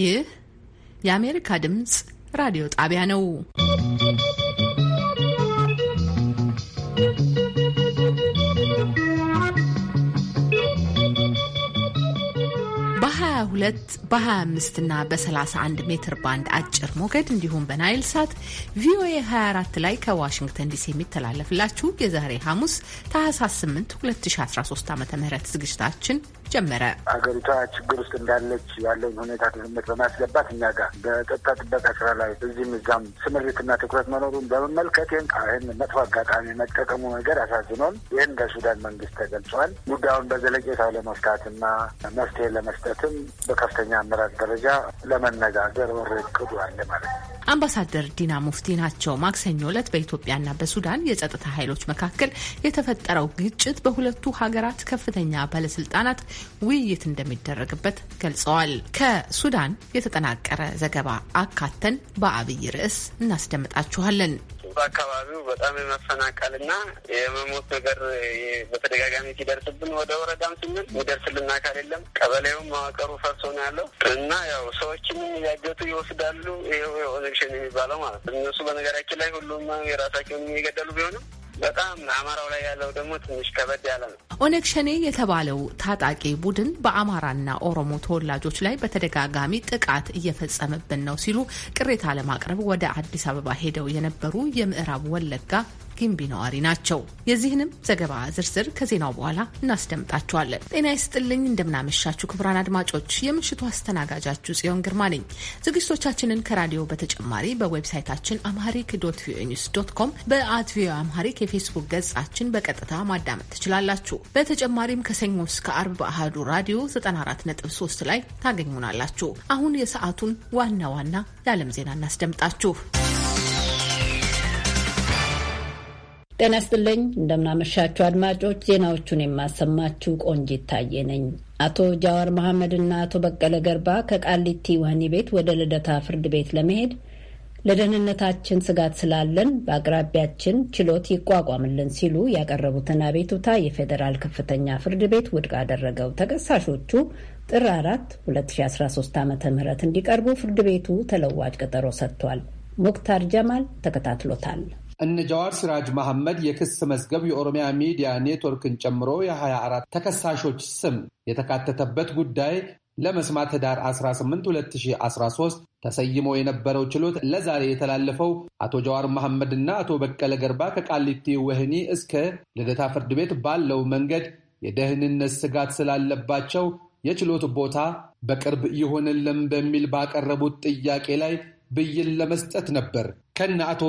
ይህ የአሜሪካ ድምፅ ራዲዮ ጣቢያ ነው። በ22 በ25 እና በ31 ሜትር ባንድ አጭር ሞገድ እንዲሁም በናይል ሳት ቪኦኤ 24 ላይ ከዋሽንግተን ዲሲ የሚተላለፍላችሁ የዛሬ ሐሙስ ታህሳስ 8 2013 ዓ ም ዝግጅታችን ጀመረ። አገሪቷ ችግር ውስጥ እንዳለች ያለውን ሁኔታ ግምት በማስገባት እኛ ጋር በጸጥታ ጥበቃ ስራ ላይ እዚህም እዛም ስምሪትና ትኩረት መኖሩን በመመልከት ይህን መጥፎ አጋጣሚ መጠቀሙ ነገር አሳዝኖን ይህን ከሱዳን መንግስት ተገልጿል። ጉዳዩን በዘለቄታ ለመፍታትና መፍትሄ ለመስጠትም በከፍተኛ አመራር ደረጃ ለመነጋገር ወር እቅዱ አለ ማለት ነው። አምባሳደር ዲና ሙፍቲ ናቸው። ማክሰኞ ዕለት በኢትዮጵያና በሱዳን የጸጥታ ኃይሎች መካከል የተፈጠረው ግጭት በሁለቱ ሀገራት ከፍተኛ ባለስልጣናት ውይይት እንደሚደረግበት ገልጸዋል። ከሱዳን የተጠናቀረ ዘገባ አካተን በአብይ ርዕስ እናስደምጣችኋለን። በአካባቢው በጣም የመፈናቀልና የመሞት ነገር በተደጋጋሚ ሲደርስብን ወደ ወረዳም ስንል የሚደርስልን አካል የለም። ቀበሌውም መዋቅሩ ፈርሶ ነው ያለው እና ያው ሰዎችን እያገቱ ይወስዳሉ። ይኸው ኦነግሽን የሚባለው ማለት እነሱ በነገራችን ላይ ሁሉም የራሳቸውን የገደሉ ቢሆንም በጣም አማራው ላይ ያለው ደግሞ ትንሽ ከበድ ያለ ነው። ኦነግ ሸኔ የተባለው ታጣቂ ቡድን በአማራና ኦሮሞ ተወላጆች ላይ በተደጋጋሚ ጥቃት እየፈጸመብን ነው ሲሉ ቅሬታ ለማቅረብ ወደ አዲስ አበባ ሄደው የነበሩ የምዕራብ ወለጋ ጊምቢ ነዋሪ ናቸው። የዚህንም ዘገባ ዝርዝር ከዜናው በኋላ እናስደምጣችኋለን። ጤና ይስጥልኝ፣ እንደምናመሻችሁ ክቡራን አድማጮች፣ የምሽቱ አስተናጋጃችሁ ጽዮን ግርማ ነኝ። ዝግጅቶቻችንን ከራዲዮ በተጨማሪ በዌብሳይታችን አምሃሪክ ዶት ቪኦኤ ኒውስ ዶት ኮም በአት ቪኦኤ አምሃሪክ የፌስቡክ ገጻችን በቀጥታ ማዳመጥ ትችላላችሁ። በተጨማሪም ከሰኞ እስከ አርብ በአህዱ ራዲዮ 94.3 ላይ ታገኙናላችሁ። አሁን የሰዓቱን ዋና ዋና የዓለም ዜና እናስደምጣችሁ። ጤና ይስጥልኝ። እንደምናመሻችሁ አድማጮች፣ ዜናዎቹን የማሰማችሁ ቆንጅ ይታየ ነኝ። አቶ ጃዋር መሐመድና አቶ በቀለ ገርባ ከቃሊቲ ወህኒ ቤት ወደ ልደታ ፍርድ ቤት ለመሄድ ለደህንነታችን ስጋት ስላለን በአቅራቢያችን ችሎት ይቋቋምልን ሲሉ ያቀረቡትን አቤቱታ የፌዴራል ከፍተኛ ፍርድ ቤት ውድቅ አደረገው። ተከሳሾቹ ጥር አራት 2013 ዓ ም እንዲቀርቡ ፍርድ ቤቱ ተለዋጭ ቀጠሮ ሰጥቷል። ሙክታር ጀማል ተከታትሎታል። እነ ጃዋር ሲራጅ መሐመድ የክስ መዝገብ የኦሮሚያ ሚዲያ ኔትወርክን ጨምሮ የ24 ተከሳሾች ስም የተካተተበት ጉዳይ ለመስማት ህዳር 18 2013 ተሰይሞ የነበረው ችሎት ለዛሬ የተላለፈው አቶ ጀዋር መሐመድ አቶ በቀለ ገርባ ከቃሊቲ ወህኒ እስከ ልደታ ፍርድ ቤት ባለው መንገድ የደህንነት ስጋት ስላለባቸው የችሎት ቦታ በቅርብ ይሆንልን በሚል ባቀረቡት ጥያቄ ላይ ብይን ለመስጠት ነበር። ከነ አቶ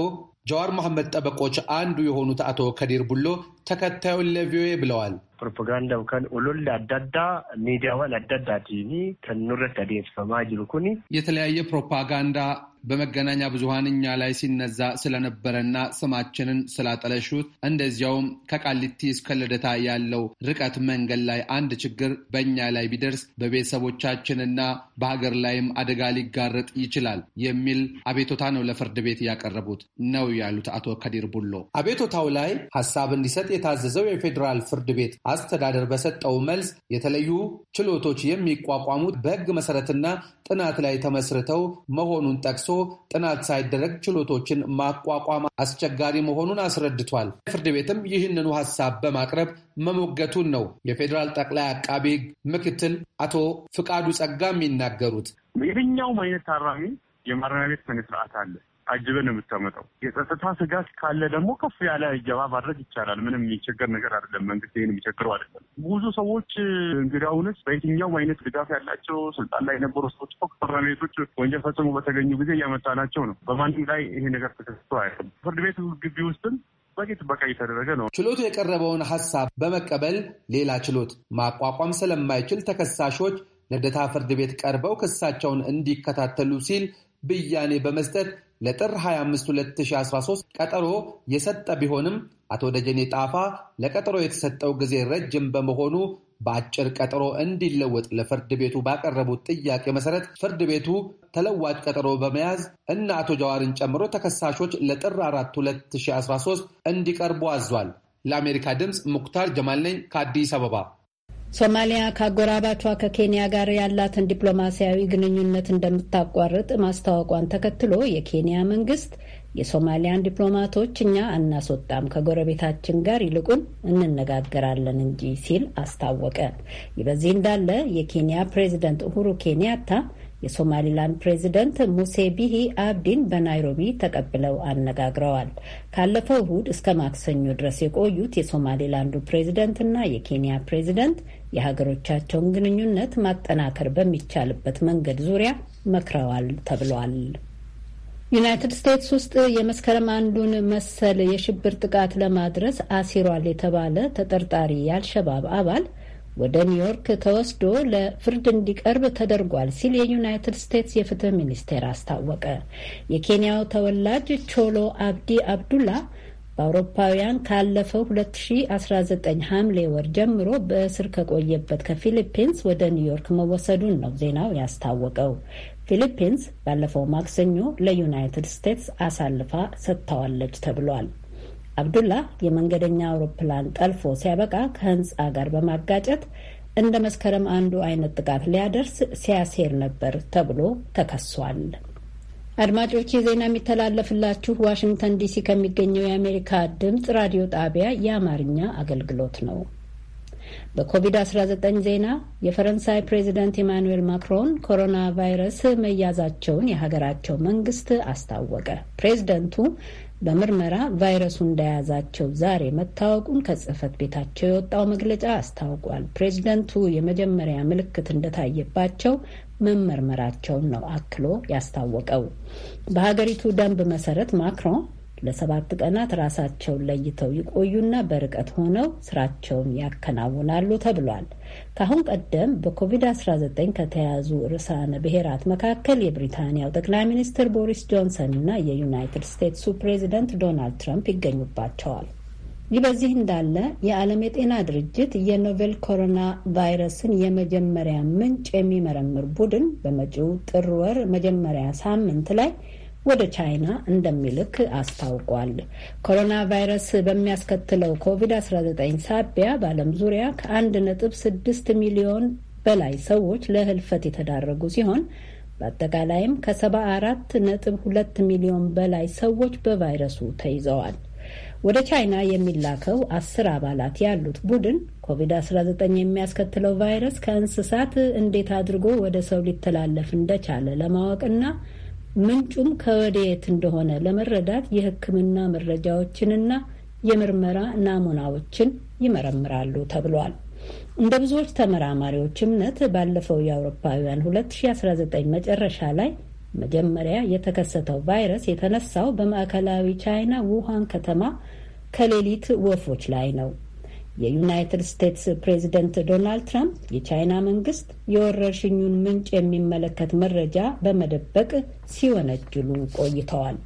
ጀዋር መሐመድ ጠበቆች አንዱ የሆኑት አቶ ከዲር ቡሎ ተከታዩን ለቪኦኤ ብለዋል። ፕሮፓጋንዳው ከን ኡሉል አዳዳ ሚዲያዋን ቲቪ ከኑረት አዴንስፈማ ጅሩ ኩኒ የተለያየ ፕሮፓጋንዳ በመገናኛ ብዙሃን እኛ ላይ ሲነዛ ስለነበረና ስማችንን ስላጠለሹት እንደዚያውም ከቃሊቲ እስከ ልደታ ያለው ርቀት መንገድ ላይ አንድ ችግር በእኛ ላይ ቢደርስ በቤተሰቦቻችንና በሀገር ላይም አደጋ ሊጋረጥ ይችላል የሚል አቤቶታ ነው ለፍርድ ቤት ያቀረቡት ነው ያሉት አቶ ከዲር ቡሎ አቤቶታው ላይ ሀሳብ እንዲሰጥ የታዘዘው የፌዴራል ፍርድ ቤት አስተዳደር በሰጠው መልስ የተለዩ ችሎቶች የሚቋቋሙት በሕግ መሰረትና ጥናት ላይ ተመስርተው መሆኑን ጠቅሶ ጥናት ሳይደረግ ችሎቶችን ማቋቋም አስቸጋሪ መሆኑን አስረድቷል። ፍርድ ቤትም ይህንኑ ሀሳብ በማቅረብ መሞገቱን ነው የፌዴራል ጠቅላይ አቃቢ ምክትል አቶ ፍቃዱ ጸጋ የሚናገሩት። የትኛውም አይነት ታራሚ የማረሚያ ቤት ስነ አለ። አጅበ ነው የምታመጣው። የጸጥታ ስጋት ካለ ደግሞ ከፍ ያለ እጀባ ማድረግ ይቻላል። ምንም የሚቸገር ነገር አይደለም። መንግስት ይህን የሚቸግረው አይደለም። ብዙ ሰዎች እንግዲህ አሁንስ በየትኛውም አይነት ድጋፍ ያላቸው ስልጣን ላይ የነበሩ ሰዎች ፍርድ ቤቶች ወንጀል ፈጽሞ በተገኙ ጊዜ እያመጣናቸው ነው። በማንም ላይ ይሄ ነገር ተከስቶ አይደለም። ፍርድ ቤት ግቢ ውስጥም በቂ ጥበቃ እየተደረገ ነው። ችሎቱ የቀረበውን ሀሳብ በመቀበል ሌላ ችሎት ማቋቋም ስለማይችል ተከሳሾች ልደታ ፍርድ ቤት ቀርበው ክሳቸውን እንዲከታተሉ ሲል ብያኔ በመስጠት ለጥር 25 2013 ቀጠሮ የሰጠ ቢሆንም አቶ ደጀኔ ጣፋ ለቀጠሮ የተሰጠው ጊዜ ረጅም በመሆኑ በአጭር ቀጠሮ እንዲለወጥ ለፍርድ ቤቱ ባቀረቡት ጥያቄ መሰረት ፍርድ ቤቱ ተለዋጭ ቀጠሮ በመያዝ እና አቶ ጀዋርን ጨምሮ ተከሳሾች ለጥር 4 2013 እንዲቀርቡ አዟል። ለአሜሪካ ድምፅ ሙክታር ጀማል ነኝ ከአዲስ አበባ። ሶማሊያ ከአጎራባቿ ከኬንያ ጋር ያላትን ዲፕሎማሲያዊ ግንኙነት እንደምታቋርጥ ማስታወቋን ተከትሎ የኬንያ መንግስት የሶማሊያን ዲፕሎማቶች እኛ አናስወጣም፣ ከጎረቤታችን ጋር ይልቁን እንነጋገራለን እንጂ ሲል አስታወቀ። ይህ በዚህ እንዳለ የኬንያ ፕሬዚደንት ኡሁሩ ኬንያታ የሶማሊላንድ ፕሬዚደንት ሙሴ ቢሂ አብዲን በናይሮቢ ተቀብለው አነጋግረዋል። ካለፈው እሁድ እስከ ማክሰኞ ድረስ የቆዩት የሶማሊላንዱ ፕሬዚደንትና የኬንያ ፕሬዚደንት የሀገሮቻቸውን ግንኙነት ማጠናከር በሚቻልበት መንገድ ዙሪያ መክረዋል ተብሏል። ዩናይትድ ስቴትስ ውስጥ የመስከረም አንዱን መሰል የሽብር ጥቃት ለማድረስ አሲሯል የተባለ ተጠርጣሪ የአልሸባብ አባል ወደ ኒውዮርክ ተወስዶ ለፍርድ እንዲቀርብ ተደርጓል ሲል የዩናይትድ ስቴትስ የፍትህ ሚኒስቴር አስታወቀ። የኬንያው ተወላጅ ቾሎ አብዲ አብዱላ በአውሮፓውያን ካለፈው 2019 ሐምሌ ወር ጀምሮ በእስር ከቆየበት ከፊሊፒንስ ወደ ኒውዮርክ መወሰዱን ነው ዜናው ያስታወቀው። ፊሊፒንስ ባለፈው ማክሰኞ ለዩናይትድ ስቴትስ አሳልፋ ሰጥታዋለች ተብሏል። አብዱላ የመንገደኛ አውሮፕላን ጠልፎ ሲያበቃ ከህንፃ ጋር በማጋጨት እንደ መስከረም አንዱ አይነት ጥቃት ሊያደርስ ሲያሴር ነበር ተብሎ ተከሷል። አድማጮች ዜና የሚተላለፍላችሁ ዋሽንግተን ዲሲ ከሚገኘው የአሜሪካ ድምፅ ራዲዮ ጣቢያ የአማርኛ አገልግሎት ነው። በኮቪድ-19 ዜና የፈረንሳይ ፕሬዚደንት ኢማኑዌል ማክሮን ኮሮና ቫይረስ መያዛቸውን የሀገራቸው መንግስት አስታወቀ። ፕሬዚደንቱ በምርመራ ቫይረሱ እንደያዛቸው ዛሬ መታወቁን ከጽህፈት ቤታቸው የወጣው መግለጫ አስታውቋል። ፕሬዚደንቱ የመጀመሪያ ምልክት እንደታየባቸው መመርመራቸውን ነው አክሎ ያስታወቀው። በሀገሪቱ ደንብ መሰረት ማክሮን ለሰባት ቀናት ራሳቸውን ለይተው ይቆዩና በርቀት ሆነው ስራቸውን ያከናውናሉ ተብሏል። ከአሁን ቀደም በኮቪድ-19 ከተያዙ ርዕሳነ ብሔራት መካከል የብሪታንያው ጠቅላይ ሚኒስትር ቦሪስ ጆንሰን እና የዩናይትድ ስቴትሱ ፕሬዚደንት ዶናልድ ትራምፕ ይገኙባቸዋል። ይህ በዚህ እንዳለ የዓለም የጤና ድርጅት የኖቬል ኮሮና ቫይረስን የመጀመሪያ ምንጭ የሚመረምር ቡድን በመጪው ጥር ወር መጀመሪያ ሳምንት ላይ ወደ ቻይና እንደሚልክ አስታውቋል። ኮሮና ቫይረስ በሚያስከትለው ኮቪድ-19 ሳቢያ በዓለም ዙሪያ ከ1.6 ሚሊዮን በላይ ሰዎች ለህልፈት የተዳረጉ ሲሆን በአጠቃላይም ከ74.2 ሚሊዮን በላይ ሰዎች በቫይረሱ ተይዘዋል። ወደ ቻይና የሚላከው አስር አባላት ያሉት ቡድን ኮቪድ-19 የሚያስከትለው ቫይረስ ከእንስሳት እንዴት አድርጎ ወደ ሰው ሊተላለፍ እንደቻለ ለማወቅና ምንጩም ከወደየት እንደሆነ ለመረዳት የሕክምና መረጃዎችንና የምርመራ ናሙናዎችን ይመረምራሉ ተብሏል። እንደ ብዙዎች ተመራማሪዎች እምነት ባለፈው የአውሮፓውያን 2019 መጨረሻ ላይ መጀመሪያ የተከሰተው ቫይረስ የተነሳው በማዕከላዊ ቻይና ውሃን ከተማ ከሌሊት ወፎች ላይ ነው። የዩናይትድ ስቴትስ ፕሬዚደንት ዶናልድ ትራምፕ የቻይና መንግስት የወረርሽኙን ምንጭ የሚመለከት መረጃ በመደበቅ ሲወነጅሉ ቆይተዋል።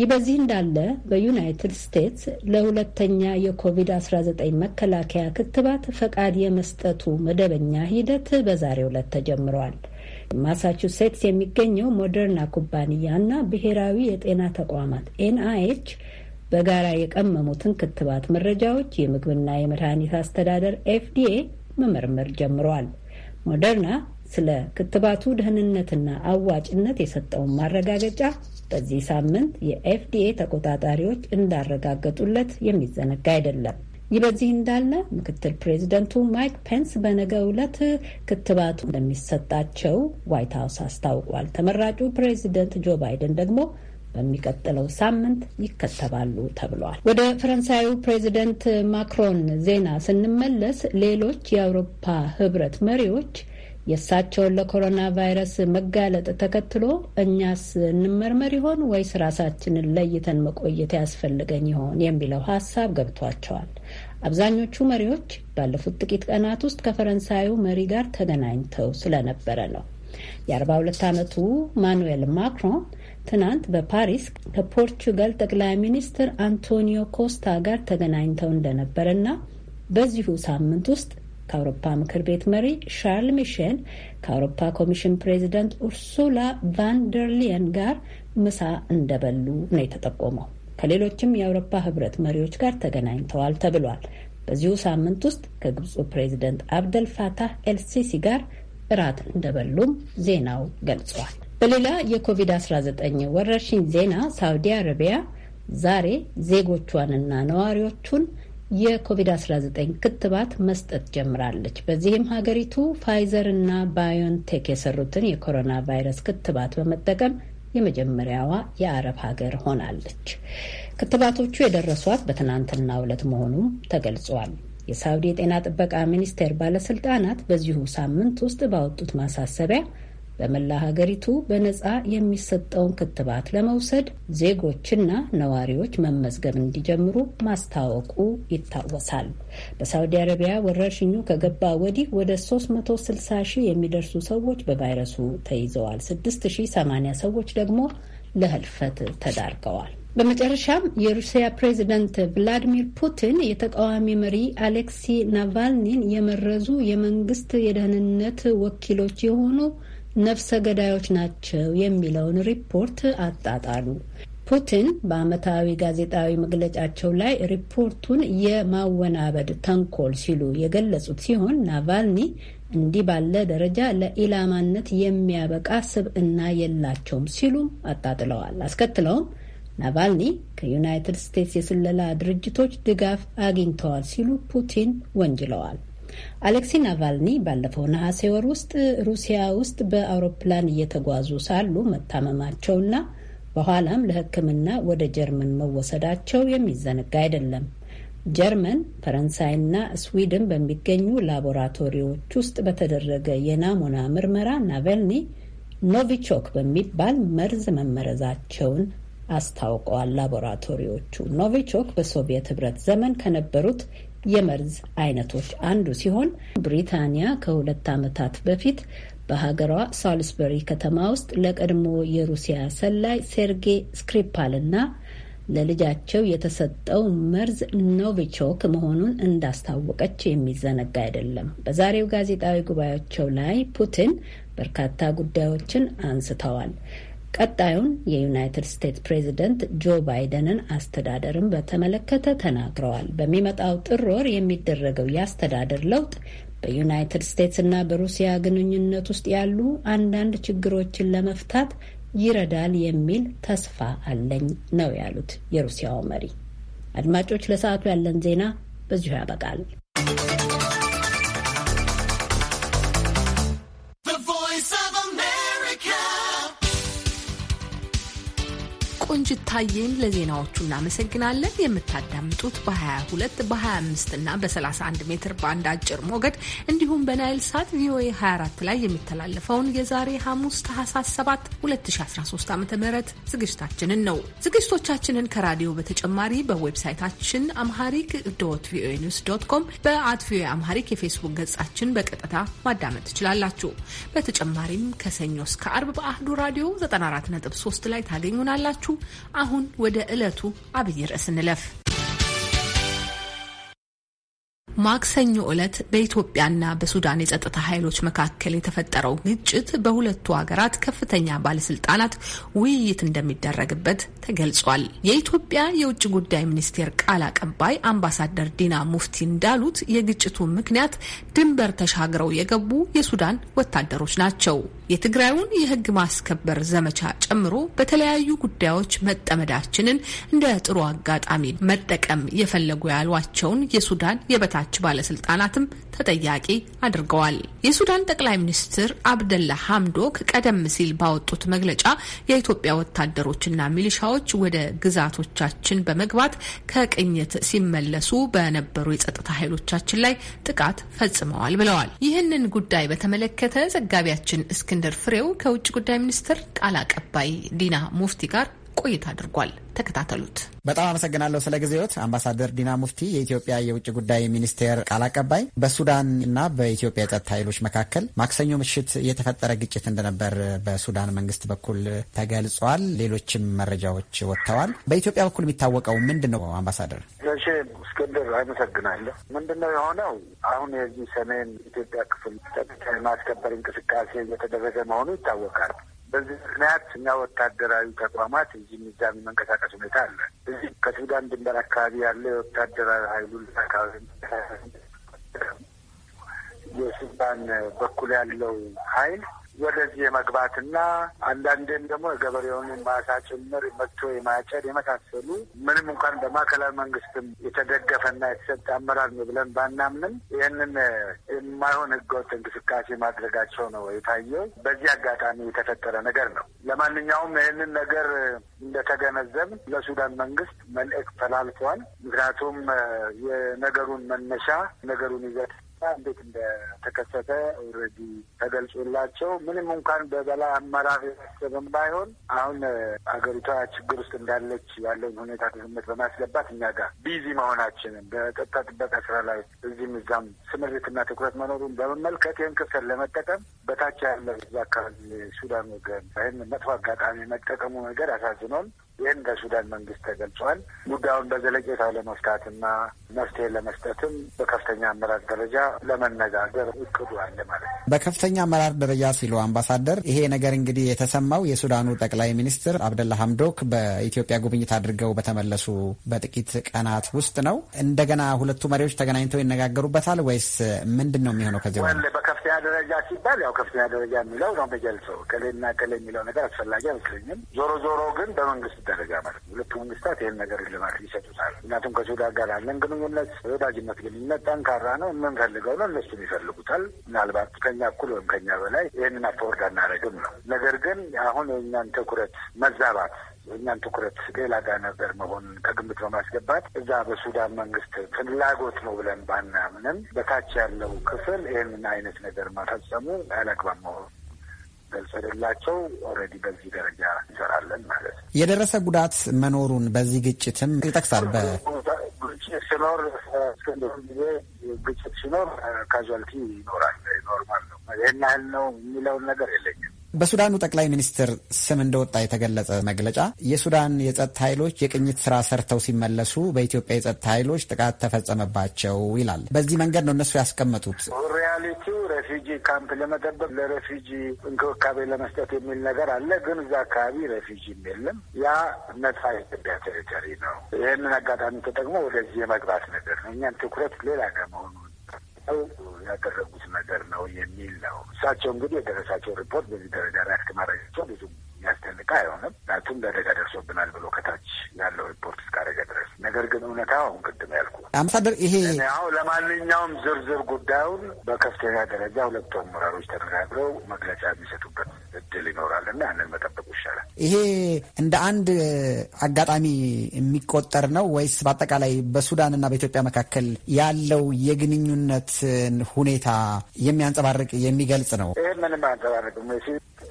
ይህ በዚህ እንዳለ በዩናይትድ ስቴትስ ለሁለተኛ የኮቪድ-19 መከላከያ ክትባት ፈቃድ የመስጠቱ መደበኛ ሂደት በዛሬው ዕለት ተጀምሯል። ማሳቹሴትስ የሚገኘው ሞደርና ኩባንያ እና ብሔራዊ የጤና ተቋማት ኤንአይኤች በጋራ የቀመሙትን ክትባት መረጃዎች የምግብና የመድኃኒት አስተዳደር ኤፍዲኤ መመርመር ጀምሯል። ሞደርና ስለ ክትባቱ ደህንነትና አዋጭነት የሰጠውን ማረጋገጫ በዚህ ሳምንት የኤፍዲኤ ተቆጣጣሪዎች እንዳረጋገጡለት የሚዘነጋ አይደለም። ይህ በዚህ እንዳለ ምክትል ፕሬዚደንቱ ማይክ ፔንስ በነገ ዕለት ክትባቱ እንደሚሰጣቸው ዋይት ሀውስ አስታውቋል። ተመራጩ ፕሬዚደንት ጆ ባይደን ደግሞ በሚቀጥለው ሳምንት ይከተባሉ ተብሏል። ወደ ፈረንሳዩ ፕሬዚደንት ማክሮን ዜና ስንመለስ ሌሎች የአውሮፓ ህብረት መሪዎች የእሳቸውን ለኮሮና ቫይረስ መጋለጥ ተከትሎ እኛስ እንመርመር ይሆን ወይስ ራሳችንን ለይተን መቆየት ያስፈልገን ይሆን የሚለው ሀሳብ ገብቷቸዋል። አብዛኞቹ መሪዎች ባለፉት ጥቂት ቀናት ውስጥ ከፈረንሳዩ መሪ ጋር ተገናኝተው ስለነበረ ነው። የ42 ዓመቱ ማኑኤል ማክሮን ትናንት በፓሪስ ከፖርቹጋል ጠቅላይ ሚኒስትር አንቶኒዮ ኮስታ ጋር ተገናኝተው እንደነበረና በዚሁ ሳምንት ውስጥ ከአውሮፓ ምክር ቤት መሪ ሻርል ሚሼል ከአውሮፓ ኮሚሽን ፕሬዚደንት ኡርሱላ ቫንደርሊየን ጋር ምሳ እንደበሉ ነው የተጠቆመው። ከሌሎችም የአውሮፓ ህብረት መሪዎች ጋር ተገናኝተዋል ተብሏል። በዚሁ ሳምንት ውስጥ ከግብፁ ፕሬዚደንት አብደል ፋታህ ኤልሲሲ ጋር እራት እንደበሉም ዜናው ገልጿል። በሌላ የኮቪድ-19 ወረርሽኝ ዜና ሳውዲ አረቢያ ዛሬ ዜጎቿንና ነዋሪዎቹን የኮቪድ-19 ክትባት መስጠት ጀምራለች። በዚህም ሀገሪቱ ፋይዘር እና ባዮንቴክ የሰሩትን የኮሮና ቫይረስ ክትባት በመጠቀም የመጀመሪያዋ የአረብ ሀገር ሆናለች። ክትባቶቹ የደረሷት በትናንትና ዕለት መሆኑም ተገልጿል። የሳውዲ የጤና ጥበቃ ሚኒስቴር ባለስልጣናት በዚሁ ሳምንት ውስጥ ባወጡት ማሳሰቢያ በመላ ሀገሪቱ በነጻ የሚሰጠውን ክትባት ለመውሰድ ዜጎችና ነዋሪዎች መመዝገብ እንዲጀምሩ ማስታወቁ ይታወሳል። በሳውዲ አረቢያ ወረርሽኙ ከገባ ወዲህ ወደ 360 ሺህ የሚደርሱ ሰዎች በቫይረሱ ተይዘዋል። 6080 ሰዎች ደግሞ ለህልፈት ተዳርገዋል። በመጨረሻም የሩሲያ ፕሬዚደንት ቭላዲሚር ፑቲን የተቃዋሚ መሪ አሌክሲ ናቫልኒን የመረዙ የመንግስት የደህንነት ወኪሎች የሆኑ ነፍሰ ገዳዮች ናቸው የሚለውን ሪፖርት አጣጣሉ። ፑቲን በዓመታዊ ጋዜጣዊ መግለጫቸው ላይ ሪፖርቱን የማወናበድ ተንኮል ሲሉ የገለጹት ሲሆን ናቫልኒ እንዲህ ባለ ደረጃ ለኢላማነት የሚያበቃ ስብዕና የላቸውም ሲሉም አጣጥለዋል። አስከትለውም ናቫልኒ ከዩናይትድ ስቴትስ የስለላ ድርጅቶች ድጋፍ አግኝተዋል ሲሉ ፑቲን ወንጅለዋል። አሌክሲ ናቫልኒ ባለፈው ነሐሴ ወር ውስጥ ሩሲያ ውስጥ በአውሮፕላን እየተጓዙ ሳሉ መታመማቸውና በኋላም ለሕክምና ወደ ጀርመን መወሰዳቸው የሚዘነጋ አይደለም። ጀርመን፣ ፈረንሳይና ስዊድን በሚገኙ ላቦራቶሪዎች ውስጥ በተደረገ የናሙና ምርመራ ናቫልኒ ኖቪቾክ በሚባል መርዝ መመረዛቸውን አስታውቀዋል። ላቦራቶሪዎቹ ኖቪቾክ በሶቪየት ህብረት ዘመን ከነበሩት የመርዝ አይነቶች አንዱ ሲሆን ብሪታንያ ከሁለት ዓመታት በፊት በሀገሯ ሳልስበሪ ከተማ ውስጥ ለቀድሞ የሩሲያ ሰላይ ሴርጌይ ስክሪፓልና ለልጃቸው የተሰጠው መርዝ ኖቪቾክ መሆኑን እንዳስታወቀች የሚዘነጋ አይደለም። በዛሬው ጋዜጣዊ ጉባኤያቸው ላይ ፑቲን በርካታ ጉዳዮችን አንስተዋል። ቀጣዩን የዩናይትድ ስቴትስ ፕሬዚደንት ጆ ባይደንን አስተዳደርን በተመለከተ ተናግረዋል። በሚመጣው ጥር ወር የሚደረገው የአስተዳደር ለውጥ በዩናይትድ ስቴትስ እና በሩሲያ ግንኙነት ውስጥ ያሉ አንዳንድ ችግሮችን ለመፍታት ይረዳል የሚል ተስፋ አለኝ ነው ያሉት የሩሲያው መሪ። አድማጮች፣ ለሰዓቱ ያለን ዜና በዚሁ ያበቃል። ቆንጅት ለዜናዎቹ እናመሰግናለን። የምታዳምጡት በ22 በ25 እና በ31 ሜትር ባንድ አጭር ሞገድ እንዲሁም በናይል ሳት ቪኦኤ 24 ላይ የሚተላለፈውን የዛሬ ሐሙስ ታህሳስ 7 2013 ዓ ም ዝግጅታችንን ነው። ዝግጅቶቻችንን ከራዲዮ በተጨማሪ በዌብሳይታችን አምሃሪክ ዶት ቪኦኤ ኒውስ ዶት ኮም፣ በአት ቪኦኤ አምሃሪክ የፌስቡክ ገጻችን በቀጥታ ማዳመጥ ትችላላችሁ። በተጨማሪም ከሰኞ እስከ አርብ በአህዱ ራዲዮ 94.3 ላይ ታገኙናላችሁ። አሁን ወደ ዕለቱ አብይ ርዕስ እንለፍ። ማክሰኞ ዕለት በኢትዮጵያና በሱዳን የጸጥታ ኃይሎች መካከል የተፈጠረው ግጭት በሁለቱ ሀገራት ከፍተኛ ባለስልጣናት ውይይት እንደሚደረግበት ተገልጿል። የኢትዮጵያ የውጭ ጉዳይ ሚኒስቴር ቃል አቀባይ አምባሳደር ዲና ሙፍቲ እንዳሉት የግጭቱ ምክንያት ድንበር ተሻግረው የገቡ የሱዳን ወታደሮች ናቸው። የትግራዩን የህግ ማስከበር ዘመቻ ጨምሮ በተለያዩ ጉዳዮች መጠመዳችንን እንደ ጥሩ አጋጣሚ መጠቀም የፈለጉ ያሏቸውን የሱዳን የበታች የውጭ ባለስልጣናትም ተጠያቂ አድርገዋል። የሱዳን ጠቅላይ ሚኒስትር አብደላ ሐምዶክ ቀደም ሲል ባወጡት መግለጫ የኢትዮጵያ ወታደሮችና ሚሊሻዎች ወደ ግዛቶቻችን በመግባት ከቅኝት ሲመለሱ በነበሩ የጸጥታ ኃይሎቻችን ላይ ጥቃት ፈጽመዋል ብለዋል። ይህንን ጉዳይ በተመለከተ ዘጋቢያችን እስክንድር ፍሬው ከውጭ ጉዳይ ሚኒስትር ቃል አቀባይ ዲና ሙፍቲ ጋር ቆይታ አድርጓል። ተከታተሉት። በጣም አመሰግናለሁ ስለ ጊዜዎት አምባሳደር ዲና ሙፍቲ፣ የኢትዮጵያ የውጭ ጉዳይ ሚኒስቴር ቃል አቀባይ። በሱዳን እና በኢትዮጵያ የጸጥታ ኃይሎች መካከል ማክሰኞ ምሽት የተፈጠረ ግጭት እንደነበር በሱዳን መንግስት በኩል ተገልጿል። ሌሎችም መረጃዎች ወጥተዋል። በኢትዮጵያ በኩል የሚታወቀው ምንድን ነው? አምባሳደር እሺ፣ እስክንድር አመሰግናለሁ። ምንድን ነው የሆነው? አሁን የዚህ ሰሜን ኢትዮጵያ ክፍል ጸጥታ የማስከበር እንቅስቃሴ እየተደረገ መሆኑ ይታወቃል። በዚህ ምክንያት እኛ ወታደራዊ ተቋማት እዚህ ሚዛሚ መንቀሳቀስ ሁኔታ አለ። እዚህ ከሱዳን ድንበር አካባቢ ያለ የወታደራዊ ሀይሉን አካባቢ የሱዳን በኩል ያለው ሀይል ወደዚህ የመግባትና አንዳንዴም ደግሞ የገበሬውን ማሳ ጭምር መጥቶ የማጨድ የመሳሰሉ ምንም እንኳን በማዕከላዊ መንግስትም የተደገፈና የተሰጠ አመራር ነው ብለን ባናምንም ይህንን የማይሆን ህገወጥ እንቅስቃሴ ማድረጋቸው ነው የታየው። በዚህ አጋጣሚ የተፈጠረ ነገር ነው። ለማንኛውም ይህንን ነገር እንደተገነዘብ ለሱዳን መንግስት መልእክት ተላልፏል። ምክንያቱም የነገሩን መነሻ ነገሩን ይዘት እንዴት እንደተከሰተ ኦልሬዲ ተገልጾላቸው ምንም እንኳን በበላይ አመራር የታሰበም ባይሆን አሁን አገሪቷ ችግር ውስጥ እንዳለች ያለውን ሁኔታ ግምት በማስገባት እኛ ጋር ቢዚ መሆናችንን በጸጥታ ጥበቃ ስራ ላይ እዚህም እዛም ስምሪትና ትኩረት መኖሩን በመመልከት ይህን ክፍተት ለመጠቀም በታች ያለው ህዝብ አካባቢ ሱዳን ወገን ይህን መጥፎ አጋጣሚ መጠቀሙ ነገር ያሳዝኖን ይህን ለሱዳን መንግስት ተገልጿል። ጉዳዩን በዘለቄታ ለመፍታትና መፍትሄ ለመስጠትም በከፍተኛ አመራር ደረጃ ለመነጋገር እቅዱ አለ ማለት ነው። በከፍተኛ አመራር ደረጃ ሲሉ አምባሳደር፣ ይሄ ነገር እንግዲህ የተሰማው የሱዳኑ ጠቅላይ ሚኒስትር አብደላ ሀምዶክ በኢትዮጵያ ጉብኝት አድርገው በተመለሱ በጥቂት ቀናት ውስጥ ነው። እንደገና ሁለቱ መሪዎች ተገናኝተው ይነጋገሩበታል ወይስ ምንድን ነው የሚሆነው? ከዚህ በከፍተኛ ደረጃ ሲባል ያው ከፍተኛ ደረጃ የሚለው ነው የሚገልጸው። ከሌና ከሌ የሚለው ነገር አስፈላጊ አይመስለኝም። ዞሮ ዞሮ ግን በመንግስት ደረጃ ማለት ነው ሁለቱ መንግስታት ይህን ነገር ልማት ይሰጡታል። ምክንያቱም ከሱዳን ጋር ያለን ግንኙነት ወዳጅነት ግንኙነት ጠንካራ ነው። የምንፈልገው ነው፣ እነሱም ይፈልጉታል። ምናልባት ከኛ እኩል ወይም ከኛ በላይ ይህንን አፈወርድ አናደርግም ነው። ነገር ግን አሁን የእኛን ትኩረት መዛባት የእኛም ትኩረት ሌላ ጋር ነበር መሆን ከግምት በማስገባት እዛ በሱዳን መንግስት ፍላጎት ነው ብለን ባናምንም በታች ያለው ክፍል ይህንን አይነት ነገር መፈጸሙ አላግባብ መሆኑ ገልጸላቸው ኦልሬዲ በዚህ ደረጃ እንሰራለን ማለት ነው። የደረሰ ጉዳት መኖሩን በዚህ ግጭትም ይጠቅሳል። በግጭት ሲኖር እስከንደሁም ጊዜ ግጭት ሲኖር ካዙዋልቲ ይኖራል። ኖርማል ነው። ይህን ያህል ነው የሚለውን ነገር የለኝም። በሱዳኑ ጠቅላይ ሚኒስትር ስም እንደወጣ የተገለጸ መግለጫ የሱዳን የጸጥታ ኃይሎች የቅኝት ስራ ሰርተው ሲመለሱ በኢትዮጵያ የጸጥታ ኃይሎች ጥቃት ተፈጸመባቸው ይላል። በዚህ መንገድ ነው እነሱ ያስቀመጡት። ሪያሊቲው ሬፊጂ ካምፕ ለመጠበቅ ለሬፊጂ እንክብካቤ ለመስጠት የሚል ነገር አለ። ግን እዛ አካባቢ ሬፊጂም የለም። ያ ነጻ የኢትዮጵያ ቴሪተሪ ነው። ይህንን አጋጣሚ ተጠቅሞ ወደዚህ የመግባት ነገር ነው። እኛም ትኩረት ሌላ ጋር ያደረጉት ነገር ነው የሚል ነው። እሳቸው እንግዲህ የደረሳቸው ሪፖርት በዚህ ደረጃ ላይ እስከ ማድረጋቸው ብዙም የሚያስደንቅ አይሆንም። ምክንያቱም ለአደጋ ደርሶብናል ብሎ ከታች ያለው ሪፖርት እስካረገ ድረስ ነገር ግን እውነታ አሁን ቅድም ያልኩ አምባሳደር ይሄ አሁን ለማንኛውም ዝርዝር ጉዳዩን በከፍተኛ ደረጃ ሁለቱም ምሁራኖች ተነጋግረው መግለጫ የሚሰጡበት እድል ይኖራል እና ያንን መጠበቁ ይሻላል። ይሄ እንደ አንድ አጋጣሚ የሚቆጠር ነው ወይስ በአጠቃላይ በሱዳን በሱዳንና በኢትዮጵያ መካከል ያለው የግንኙነት ሁኔታ የሚያንጸባርቅ የሚገልጽ ነው? ይህ ምንም አያንጸባርቅም።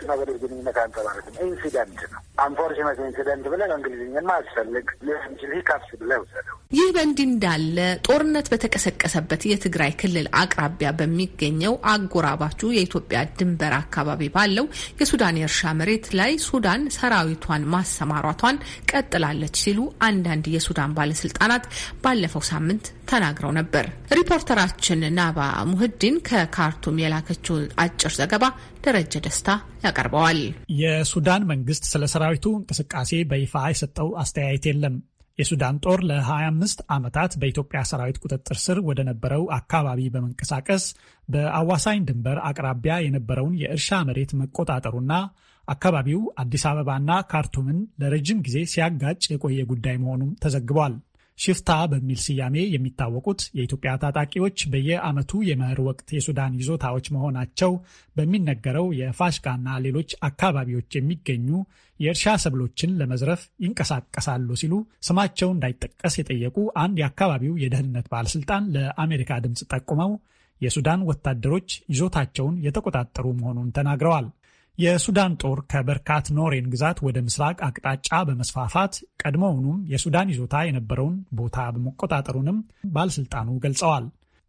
የመገዳደል ግንኙነት ነው። ኢንሲደንት ነው። አንፎርቹኔት ኢንሲደንት ብለህ በእንግሊዝኛን ማስፈልግ ሊሆንችል ሂካፕስ ብለ ውሰደው። ይህ በእንዲህ እንዳለ ጦርነት በተቀሰቀሰበት የትግራይ ክልል አቅራቢያ በሚገኘው አጎራባቹ የኢትዮጵያ ድንበር አካባቢ ባለው የሱዳን የእርሻ መሬት ላይ ሱዳን ሰራዊቷን ማሰማሯቷን ቀጥላለች ሲሉ አንዳንድ የሱዳን ባለስልጣናት ባለፈው ሳምንት ተናግረው ነበር። ሪፖርተራችን ናባ ሙህዲን ከካርቱም የላከችውን አጭር ዘገባ ደረጀ ደስታ ያቀርበዋል። የሱዳን መንግስት ስለ ሰራዊቱ እንቅስቃሴ በይፋ የሰጠው አስተያየት የለም። የሱዳን ጦር ለ25 ዓመታት በኢትዮጵያ ሰራዊት ቁጥጥር ስር ወደ ነበረው አካባቢ በመንቀሳቀስ በአዋሳኝ ድንበር አቅራቢያ የነበረውን የእርሻ መሬት መቆጣጠሩና አካባቢው አዲስ አበባና ካርቱምን ለረጅም ጊዜ ሲያጋጭ የቆየ ጉዳይ መሆኑም ተዘግቧል። ሽፍታ በሚል ስያሜ የሚታወቁት የኢትዮጵያ ታጣቂዎች በየዓመቱ የመኸር ወቅት የሱዳን ይዞታዎች መሆናቸው በሚነገረው የፋሽካና ሌሎች አካባቢዎች የሚገኙ የእርሻ ሰብሎችን ለመዝረፍ ይንቀሳቀሳሉ ሲሉ ስማቸው እንዳይጠቀስ የጠየቁ አንድ የአካባቢው የደህንነት ባለስልጣን ለአሜሪካ ድምፅ ጠቁመው የሱዳን ወታደሮች ይዞታቸውን የተቆጣጠሩ መሆኑን ተናግረዋል። የሱዳን ጦር ከበርካት ኖሬን ግዛት ወደ ምስራቅ አቅጣጫ በመስፋፋት ቀድሞውኑም የሱዳን ይዞታ የነበረውን ቦታ በመቆጣጠሩንም ባለስልጣኑ ገልጸዋል።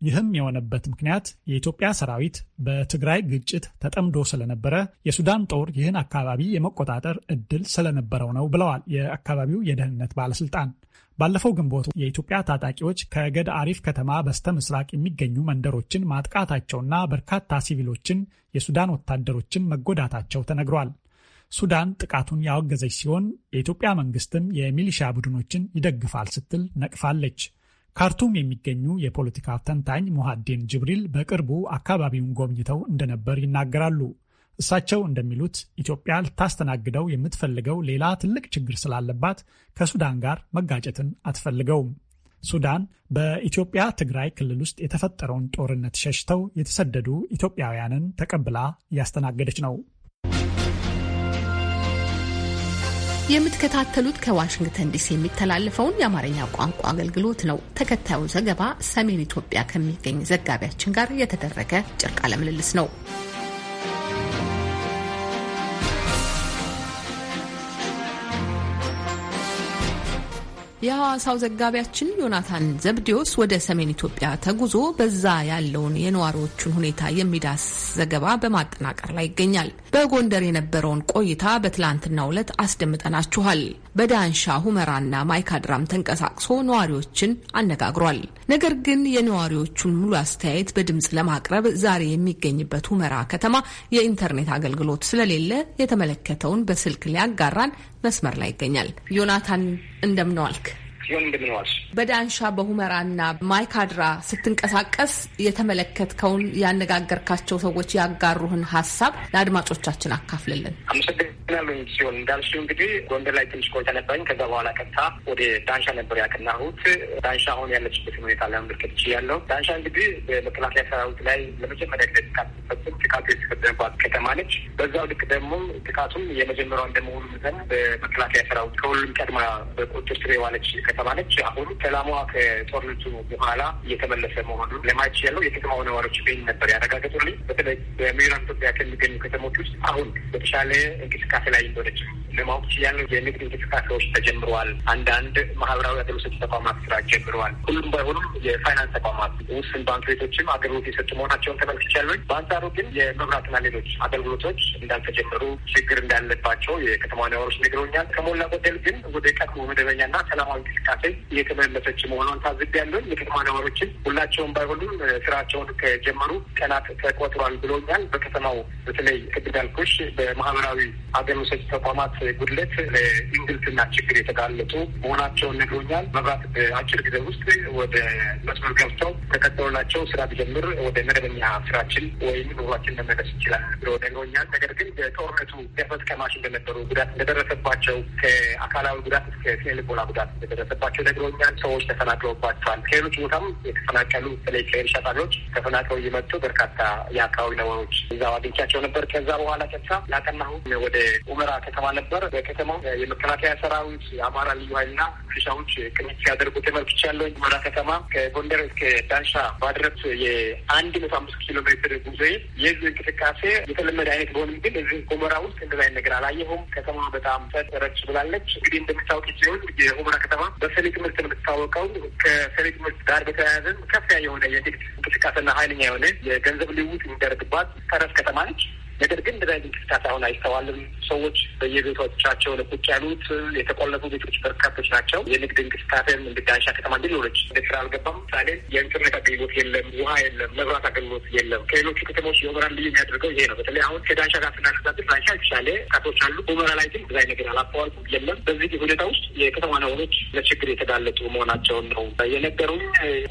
ይህም የሆነበት ምክንያት የኢትዮጵያ ሰራዊት በትግራይ ግጭት ተጠምዶ ስለነበረ የሱዳን ጦር ይህን አካባቢ የመቆጣጠር እድል ስለነበረው ነው ብለዋል የአካባቢው የደህንነት ባለስልጣን። ባለፈው ግንቦት የኢትዮጵያ ታጣቂዎች ከገድ አሪፍ ከተማ በስተ ምስራቅ የሚገኙ መንደሮችን ማጥቃታቸውና በርካታ ሲቪሎችን፣ የሱዳን ወታደሮችን መጎዳታቸው ተነግሯል። ሱዳን ጥቃቱን ያወገዘች ሲሆን የኢትዮጵያ መንግስትም የሚሊሻ ቡድኖችን ይደግፋል ስትል ነቅፋለች። ካርቱም የሚገኙ የፖለቲካ ተንታኝ ሙሃዴን ጅብሪል በቅርቡ አካባቢውን ጎብኝተው እንደነበር ይናገራሉ። እሳቸው እንደሚሉት ኢትዮጵያ ልታስተናግደው የምትፈልገው ሌላ ትልቅ ችግር ስላለባት ከሱዳን ጋር መጋጨትን አትፈልገውም። ሱዳን በኢትዮጵያ ትግራይ ክልል ውስጥ የተፈጠረውን ጦርነት ሸሽተው የተሰደዱ ኢትዮጵያውያንን ተቀብላ እያስተናገደች ነው። የምትከታተሉት ከዋሽንግተን ዲሲ የሚተላለፈውን የአማርኛ ቋንቋ አገልግሎት ነው። ተከታዩ ዘገባ ሰሜን ኢትዮጵያ ከሚገኝ ዘጋቢያችን ጋር የተደረገ ጭርቃ ለምልልስ ነው። የሐዋሳው ዘጋቢያችን ዮናታን ዘብዲዮስ ወደ ሰሜን ኢትዮጵያ ተጉዞ በዛ ያለውን የነዋሪዎቹን ሁኔታ የሚዳስ ዘገባ በማጠናቀር ላይ ይገኛል። በጎንደር የነበረውን ቆይታ በትላንትናው ዕለት አስደምጠናችኋል። በዳንሻ ሁመራና ማይካድራም ተንቀሳቅሶ ነዋሪዎችን አነጋግሯል። ነገር ግን የነዋሪዎቹን ሙሉ አስተያየት በድምፅ ለማቅረብ ዛሬ የሚገኝበት ሁመራ ከተማ የኢንተርኔት አገልግሎት ስለሌለ የተመለከተውን በስልክ ሊያጋራን መስመር ላይ ይገኛል። ዮናታን እንደምነዋልክ ሲሆን እንደምን ዋልሽ። በዳንሻ በሁመራና ማይካድራ ስትንቀሳቀስ የተመለከትከውን ያነጋገርካቸው ሰዎች ያጋሩህን ሀሳብ ለአድማጮቻችን አካፍልልን። አመሰግናለሁ። ሲሆን እንዳልሽ እንግዲህ ጎንደር ላይ ትንሽ ቆይታ ነበረኝ። ከዛ በኋላ ቀጥታ ወደ ዳንሻ ነበር ያቀናሁት። ዳንሻ አሁን ያለችበት ሁኔታ ለመመልከት ችያለሁ። ዳንሻ እንግዲህ በመከላከያ ሰራዊት ላይ ለመጀመሪያ ጊዜ ጥቃት ሲፈጽም ጥቃቱ የተፈጸመባት ከተማ ነች። በዛው ልክ ደግሞ ጥቃቱም የመጀመሪያው እንደመሆኑ መጠን በመከላከያ ሰራዊት ከሁሉም ቀድማ በቁጥጥር ስር የዋለች ከተባለች አሁኑ ሰላሟ ከጦርነቱ በኋላ እየተመለሰ መሆኑ ለማች ያለው የከተማ ነዋሪዎች ቤኝ ነበር ያረጋገጡልኝ። በተለይ በምዕራብ ኢትዮጵያ ከሚገኙ ከተሞች ውስጥ አሁን በተሻለ እንቅስቃሴ ላይ እንደሆነች ለማወቅ ችያለሁ። የንግድ እንቅስቃሴዎች ተጀምረዋል። አንዳንድ ማህበራዊ አገልግሎት ተቋማት ስራ ጀምረዋል። ሁሉም ባይሆኑም የፋይናንስ ተቋማት ውስን ባንክ ቤቶችም አገልግሎት የሰጡ መሆናቸውን ተመልክቻለሁ። በአንጻሩ ግን የመብራትና ሌሎች አገልግሎቶች እንዳልተጀመሩ ችግር እንዳለባቸው የከተማ ነዋሪዎች ነግረውኛል። ከሞላ ጎደል ግን ወደ ቀድሞ መደበኛና ሰላማዊ እንቅስቃሴ እንቅስቃሴ እየተመለሰች መሆኗን ያለን የከተማ ነዋሪዎችን ሁላቸውም ባይሆኑም ስራቸውን ከጀመሩ ቀናት ተቆጥሯል ብሎኛል። በከተማው በተለይ ቅድም ያልኩሽ በማህበራዊ አገልግሎት ሰጪ ተቋማት ጉድለት ለእንግልትና ችግር የተጋለጡ መሆናቸውን ነግሮኛል። መብራት በአጭር ጊዜ ውስጥ ወደ መስመር ገብተው ተቀጥሎላቸው ስራ ቢጀምር ወደ መደበኛ ስራችን ወይም ኑሯችን መመለስ ይችላል ብሎ ነግሮኛል። ነገር ግን በጦርነቱ ገፈት ቀማሽ እንደነበሩ ጉዳት እንደደረሰባቸው ከአካላዊ ጉዳት እስከ ስነልቦና ጉዳት እንደደረሰ እንደደረሰባቸው ነግሮኛል። ሰዎች ተፈናቅለውባቸዋል። ከሌሎች ቦታም የተፈናቀሉ በተለይ ከኤርሻ ጣቢያዎች ተፈናቅለው እየመጡ በርካታ የአካባቢ ነዋሪዎች እዛው አግኝቻቸው ነበር። ከዛ በኋላ ቀጥታ ያቀናሁት ወደ ኡመራ ከተማ ነበር። በከተማው የመከላከያ ሰራዊት፣ የአማራ ልዩ ኃይልና ፍሻዎች ቅንጅት ሲያደርጉ ተመልክቻለሁ። ኡመራ ከተማ ከጎንደር እስከ ዳንሻ ባድረስ የአንድ መቶ አምስት ኪሎ ሜትር ጉዞ የህዝብ እንቅስቃሴ የተለመደ አይነት ቢሆንም ግን እዚህ ኡመራ ውስጥ እንደዛ አይነት ነገር አላየሁም። ከተማ በጣም ጸጥ ብላለች። እንግዲህ እንደምታውቂ ሲሆን የኡመራ ከተማ በስኒ ትምህርት የምትታወቀው ከስኒ ትምህርት ጋር በተያያዘም ከፍያ የሆነ የንግድ እንቅስቃሴና ኃይለኛ የሆነ የገንዘብ ልውውጥ የሚደረግባት ተረስ ከተማ ነች። ነገር ግን እንደዚ አይነት እንቅስቃሴ አሁን አይስተዋልም። ሰዎች በየቤቶቻቸው ለቁጭ ያሉት የተቆለፉ ቤቶች በርካቶች ናቸው። የንግድ እንቅስቃሴም እንድዳንሻ ከተማ ቢኖረች እንደ ስራ አልገባም። ምሳሌ የኢንተርኔት አገልግሎት የለም፣ ውሃ የለም፣ መብራት አገልግሎት የለም። ከሌሎቹ ከተሞች የሁመራን ልዩ የሚያደርገው ይሄ ነው። በተለይ አሁን ከዳንሻ ጋር ስናነጻጽር ዳንሻ የተሻለ ካቶች አሉ። ሆመራ ላይ ግን ብዙ ነገር አላስተዋል የለም። በዚህ ሁኔታ ውስጥ የከተማ ነዋሪዎች ለችግር የተጋለጡ መሆናቸውን ነው የነገሩኝ።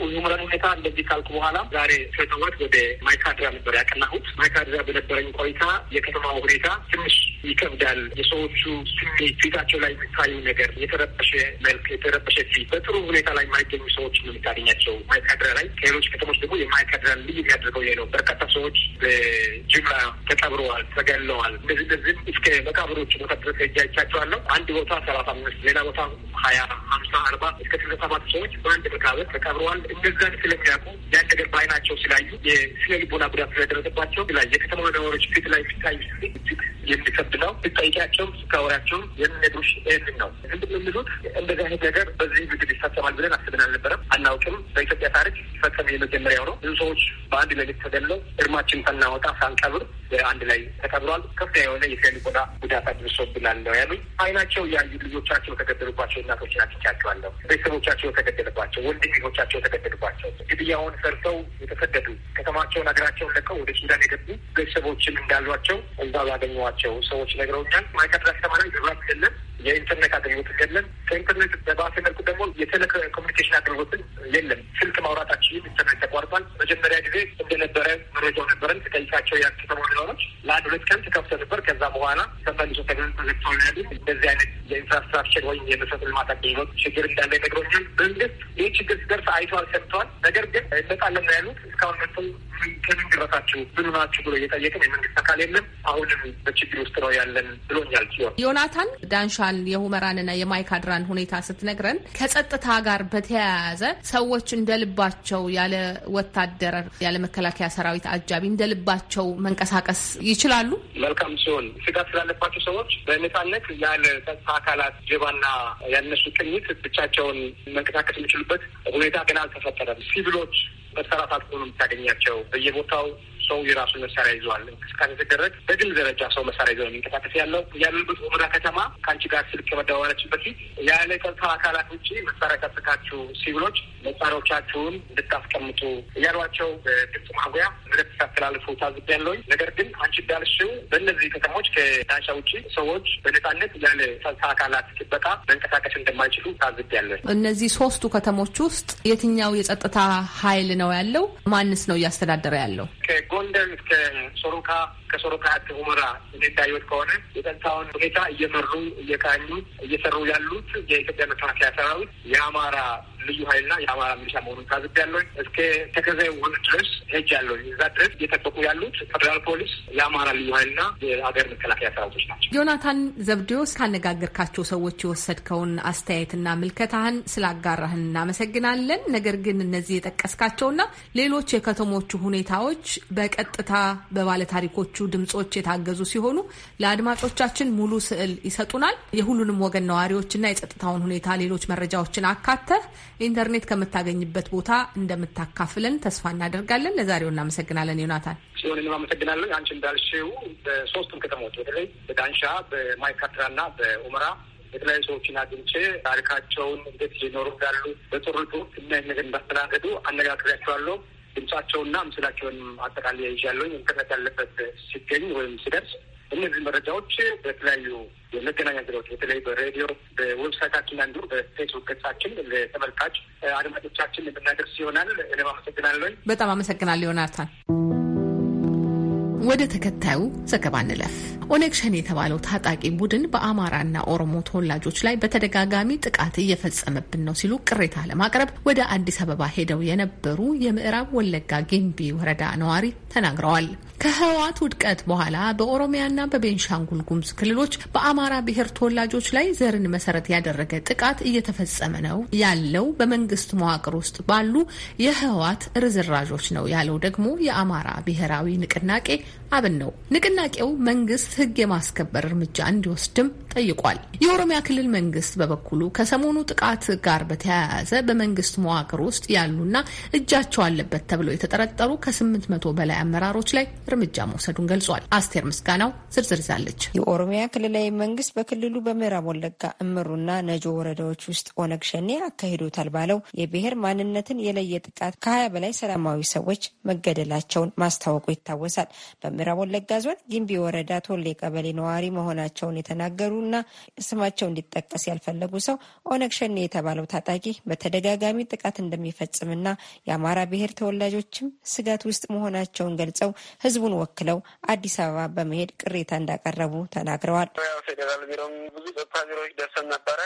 ሁመራን ሁኔታ እንደዚህ ካልኩ በኋላ ዛሬ ስረተዋት ወደ ማይካድራ ነበር ያቀናሁት። ማይካድራ በነበረኝ ቆይ ሁኔታ የከተማው ሁኔታ ትንሽ ይከብዳል። የሰዎቹ ስሜት ፊታቸው ላይ የሚታዩ ነገር የተረበሸ መልክ፣ የተረበሸ ፊት በጥሩ ሁኔታ ላይ የማይገኙ ሰዎች ነው የምታገኛቸው። ማይካድራ ላይ ከሌሎች ከተሞች ደግሞ የማይካድራ ልዩ የሚያደርገው ይሄ ነው። በርካታ ሰዎች በጅምላ ተቀብረዋል፣ ተገለዋል። እንደዚህ እንደዚህም እስከ መቃብሮች ቦታ ድረስ ሄጃቻቸዋለሁ። አንድ ቦታ ሰላሳ አምስት ሌላ ቦታ ሀያ ሀምሳ አርባ እስከ ስለ ሰባት ሰዎች በአንድ መቃብር ተቀብረዋል። እነዛን ስለሚያውቁ ያን ነገር በአይናቸው ስላዩ የስነ ልቦና ጉዳት ስለደረሰባቸው ላይ የከተማ ነዋሪዎች ፊት ፊት ላይ ሲታይ እጅግ የሚከብድ ነው። ስጠይቂያቸውም ስታወራቸውም የሚነግሩሽ ይህንን ነው። ምንድን የሚሉት እንደዚህ አይነት ነገር በዚህ ምግብ ይፈጸማል ብለን አስብን አልነበረም፣ አናውቅም። በኢትዮጵያ ታሪክ ሲፈጸም የመጀመሪያው ነው። ብዙ ሰዎች በአንድ ሌሊት ተገለው እርማችን ሳናወጣ ሳንቀብር አንድ ላይ ተቀብሯል። ከፍተኛ የሆነ የፌል ቆዳ ጉዳት አድርሶብናል ነው ያሉኝ። አይናቸው ያዩ ልጆቻቸው የተገደሉባቸው እናቶች አግኝቻቸዋለሁ። ቤተሰቦቻቸው የተገደሉባቸው፣ ወንድሞቻቸው የተገደሉባቸው፣ ግድያውን ሰርተው የተሰደዱ ከተማቸውን ሀገራቸውን ለቀው ወደ ሱዳን የገቡ ቤተሰቦችን እንዳ እንዳሏቸው እዛ ባገኘዋቸው ሰዎች ነግረውኛል። ማይካድራስ ተማሪ መብራት የለም፣ የኢንተርኔት አገልግሎት ገለን ከኢንተርኔት በባሰ መልኩ ደግሞ የቴሌኮሙኒኬሽን አገልግሎትን የለም። ስልክ ማውራታችን ኢንተርኔት ተቋርጧል። መጀመሪያ ጊዜ እንደነበረ መረጃው ነበረን። ተጠይቃቸው የከተማ ነዋሪዎች ለአንድ ሁለት ቀን ተከፍተ ነበር። ከዛ በኋላ ተመልሶ ተዘግተው ያሉ እንደዚህ አይነት የኢንፍራስትራክቸር ወይም የመሰረተ ልማት አገልግሎት ችግር እንዳለ ነግረውኛል። መንግስት ይህ ችግር ሲደርስ አይተዋል፣ ሰምተዋል። ነገር ግን እንመጣለን ነው ያሉት። እስካሁን መጥተው ከምን ድረሳችሁ ብሉ ብሎ እየጠየቅን የመንግስት አካል የለም። አሁንም በችግር ውስጥ ነው ያለን ብሎኛል። ሲሆን ዮናታን ዳንሻን የሁመራንና የማይካድራን ሁኔታ ስትነግረን ከጸጥታ ጋር በተያያዘ ሰዎች እንደ ልባቸው ያለ ወታደር ያለ መከላከያ ሰራዊት አጃቢ እንደ ልባቸው መንቀሳቀስ ይችላሉ። መልካም ሲሆን ስጋት ስላለባቸው ሰዎች በነፃነት ያለ ጸጥታ አካላት ጀባና ያነሱ ቅኝት ብቻቸውን መንቀሳቀስ የሚችሉበት ሁኔታ ገና አልተፈጠረም። ሲቪሎች መሰራት አልፎ ነው የምታገኛቸው። በየቦታው ሰው የራሱን መሳሪያ ይዘዋል። እንቅስቃሴ ሲደረግ በግል ደረጃ ሰው መሳሪያ ይዘው የሚንቀሳቀስ ያለው ያለበት ወረዳ ከተማ ከአንቺ ጋር ስልክ ከመደዋወላችን በፊት ያለ ጸጥታ አካላት ውጭ መሳሪያ ቀጥታችሁ ሲቪሎች መሳሪያዎቻችሁን እንድታስቀምጡ እያሏቸው በድምፅ ማጉያ ምልክት ሲያስተላልፉ ታዝቤያለሁኝ። ነገር ግን አንቺ እንዳልሽው በእነዚህ ከተሞች ከዳሻ ውጭ ሰዎች በነጻነት ያለ ጸጥታ አካላት ጥበቃ መንቀሳቀስ እንደማይችሉ ታዝቤያለሁ። እነዚህ ሶስቱ ከተሞች ውስጥ የትኛው የጸጥታ ኃይል ነው ነው ያለው? ማንስ ነው እያስተዳደረ ያለው? ከጎንደር እስከ ሶሮካ ከሶሮካ እስከ ሁመራ እንደታየት ከሆነ የጸጥታውን ሁኔታ እየመሩ እየቃኙ እየሰሩ ያሉት የኢትዮጵያ መከላከያ ሰራዊት የአማራ ልዩ ኃይልና የአማራ ሚሊሻ መሆኑን ታዝብ ያለኝ እስከ ተከዘ ውህን ድረስ ሄጅ ያለኝ እዛ ድረስ እየጠበቁ ያሉት ፌደራል ፖሊስ፣ የአማራ ልዩ ኃይልና የሀገር መከላከያ ሰራዊቶች ናቸው። ዮናታን ዘብዴዎስ ካነጋገርካቸው ሰዎች የወሰድከውን አስተያየትና ምልከታህን ስላጋራህን እናመሰግናለን። ነገር ግን እነዚህ የጠቀስካቸውና ሌሎች የከተሞቹ ሁኔታዎች በቀጥታ በባለታሪኮቹ ድምጾች የታገዙ ሲሆኑ ለአድማጮቻችን ሙሉ ስዕል ይሰጡናል። የሁሉንም ወገን ነዋሪዎችና የጸጥታውን ሁኔታ ሌሎች መረጃዎችን አካተህ ኢንተርኔት ከምታገኝበት ቦታ እንደምታካፍለን ተስፋ እናደርጋለን። ለዛሬው እናመሰግናለን። ዮናታን ሲሆን አመሰግናለን። አንቺ እንዳልሽው በሶስቱም ከተሞች በተለይ በዳንሻ በማይካድራና በኡመራ የተለያዩ ሰዎችን አግኝቼ ታሪካቸውን እንዴት እየኖሩ እንዳሉ በጦርነቱ እናይነት ነገር እንዳስተናገዱ አነጋግሪያቸዋለሁ። ድምጻቸውና ምስላቸውን አጠቃላይ ይዣለሁ። ኢንተርኔት ያለበት ሲገኝ ወይም ሲደርስ እነዚህ መረጃዎች በተለያዩ የመገናኛ ዘዴዎች በተለይ በሬዲዮ፣ በዌብሳይታችን አንዱ በፌስቡክ ገጻችን ለተመልካች አድማጮቻችን የምናደርስ ይሆናል። እኔም አመሰግናለሁ። በጣም አመሰግናለሁ ዮናታን። ወደ ተከታዩ ዘገባ እንለፍ። ኦነግ ሸኔ የተባለው ታጣቂ ቡድን በአማራና ኦሮሞ ተወላጆች ላይ በተደጋጋሚ ጥቃት እየፈጸመብን ነው ሲሉ ቅሬታ ለማቅረብ ወደ አዲስ አበባ ሄደው የነበሩ የምዕራብ ወለጋ ጊምቢ ወረዳ ነዋሪ ተናግረዋል። ከህወሓት ውድቀት በኋላ በኦሮሚያና በቤንሻንጉል ጉምዝ ክልሎች በአማራ ብሔር ተወላጆች ላይ ዘርን መሰረት ያደረገ ጥቃት እየተፈጸመ ነው ያለው በመንግስት መዋቅር ውስጥ ባሉ የህወሓት ርዝራዦች ነው ያለው ደግሞ የአማራ ብሔራዊ ንቅናቄ አብን ነው። ንቅናቄው መንግስት ህግ የማስከበር እርምጃ እንዲወስድም ጠይቋል። የኦሮሚያ ክልል መንግስት በበኩሉ ከሰሞኑ ጥቃት ጋር በተያያዘ በመንግስት መዋቅር ውስጥ ያሉና እጃቸው አለበት ተብለው የተጠረጠሩ ከስምንት መቶ በላይ አመራሮች ላይ እርምጃ መውሰዱን ገልጿል። አስቴር ምስጋናው ዝርዝር ይዛለች። የኦሮሚያ ክልላዊ መንግስት በክልሉ በምዕራብ ወለጋ እምሩና ነጆ ወረዳዎች ውስጥ ኦነግ ሸኔ አካሂዶታል ባለው የብሔር ማንነትን የለየ ጥቃት ከሀያ በላይ ሰላማዊ ሰዎች መገደላቸውን ማስታወቁ ይታወሳል። በምዕራብ ወለጋ ዞን ጊምቢ ወረዳ ቶሌ ቀበሌ ነዋሪ መሆናቸውን የተናገሩ ያሉና ስማቸው እንዲጠቀስ ያልፈለጉ ሰው ኦነግ ሸኔ የተባለው ታጣቂ በተደጋጋሚ ጥቃት እንደሚፈጽምና የአማራ ብሔር ተወላጆችም ስጋት ውስጥ መሆናቸውን ገልጸው ህዝቡን ወክለው አዲስ አበባ በመሄድ ቅሬታ እንዳቀረቡ ተናግረዋል። ፌዴራል ቢሮም ብዙ ጸጥታ ቢሮዎች ደርሰን ነበረ።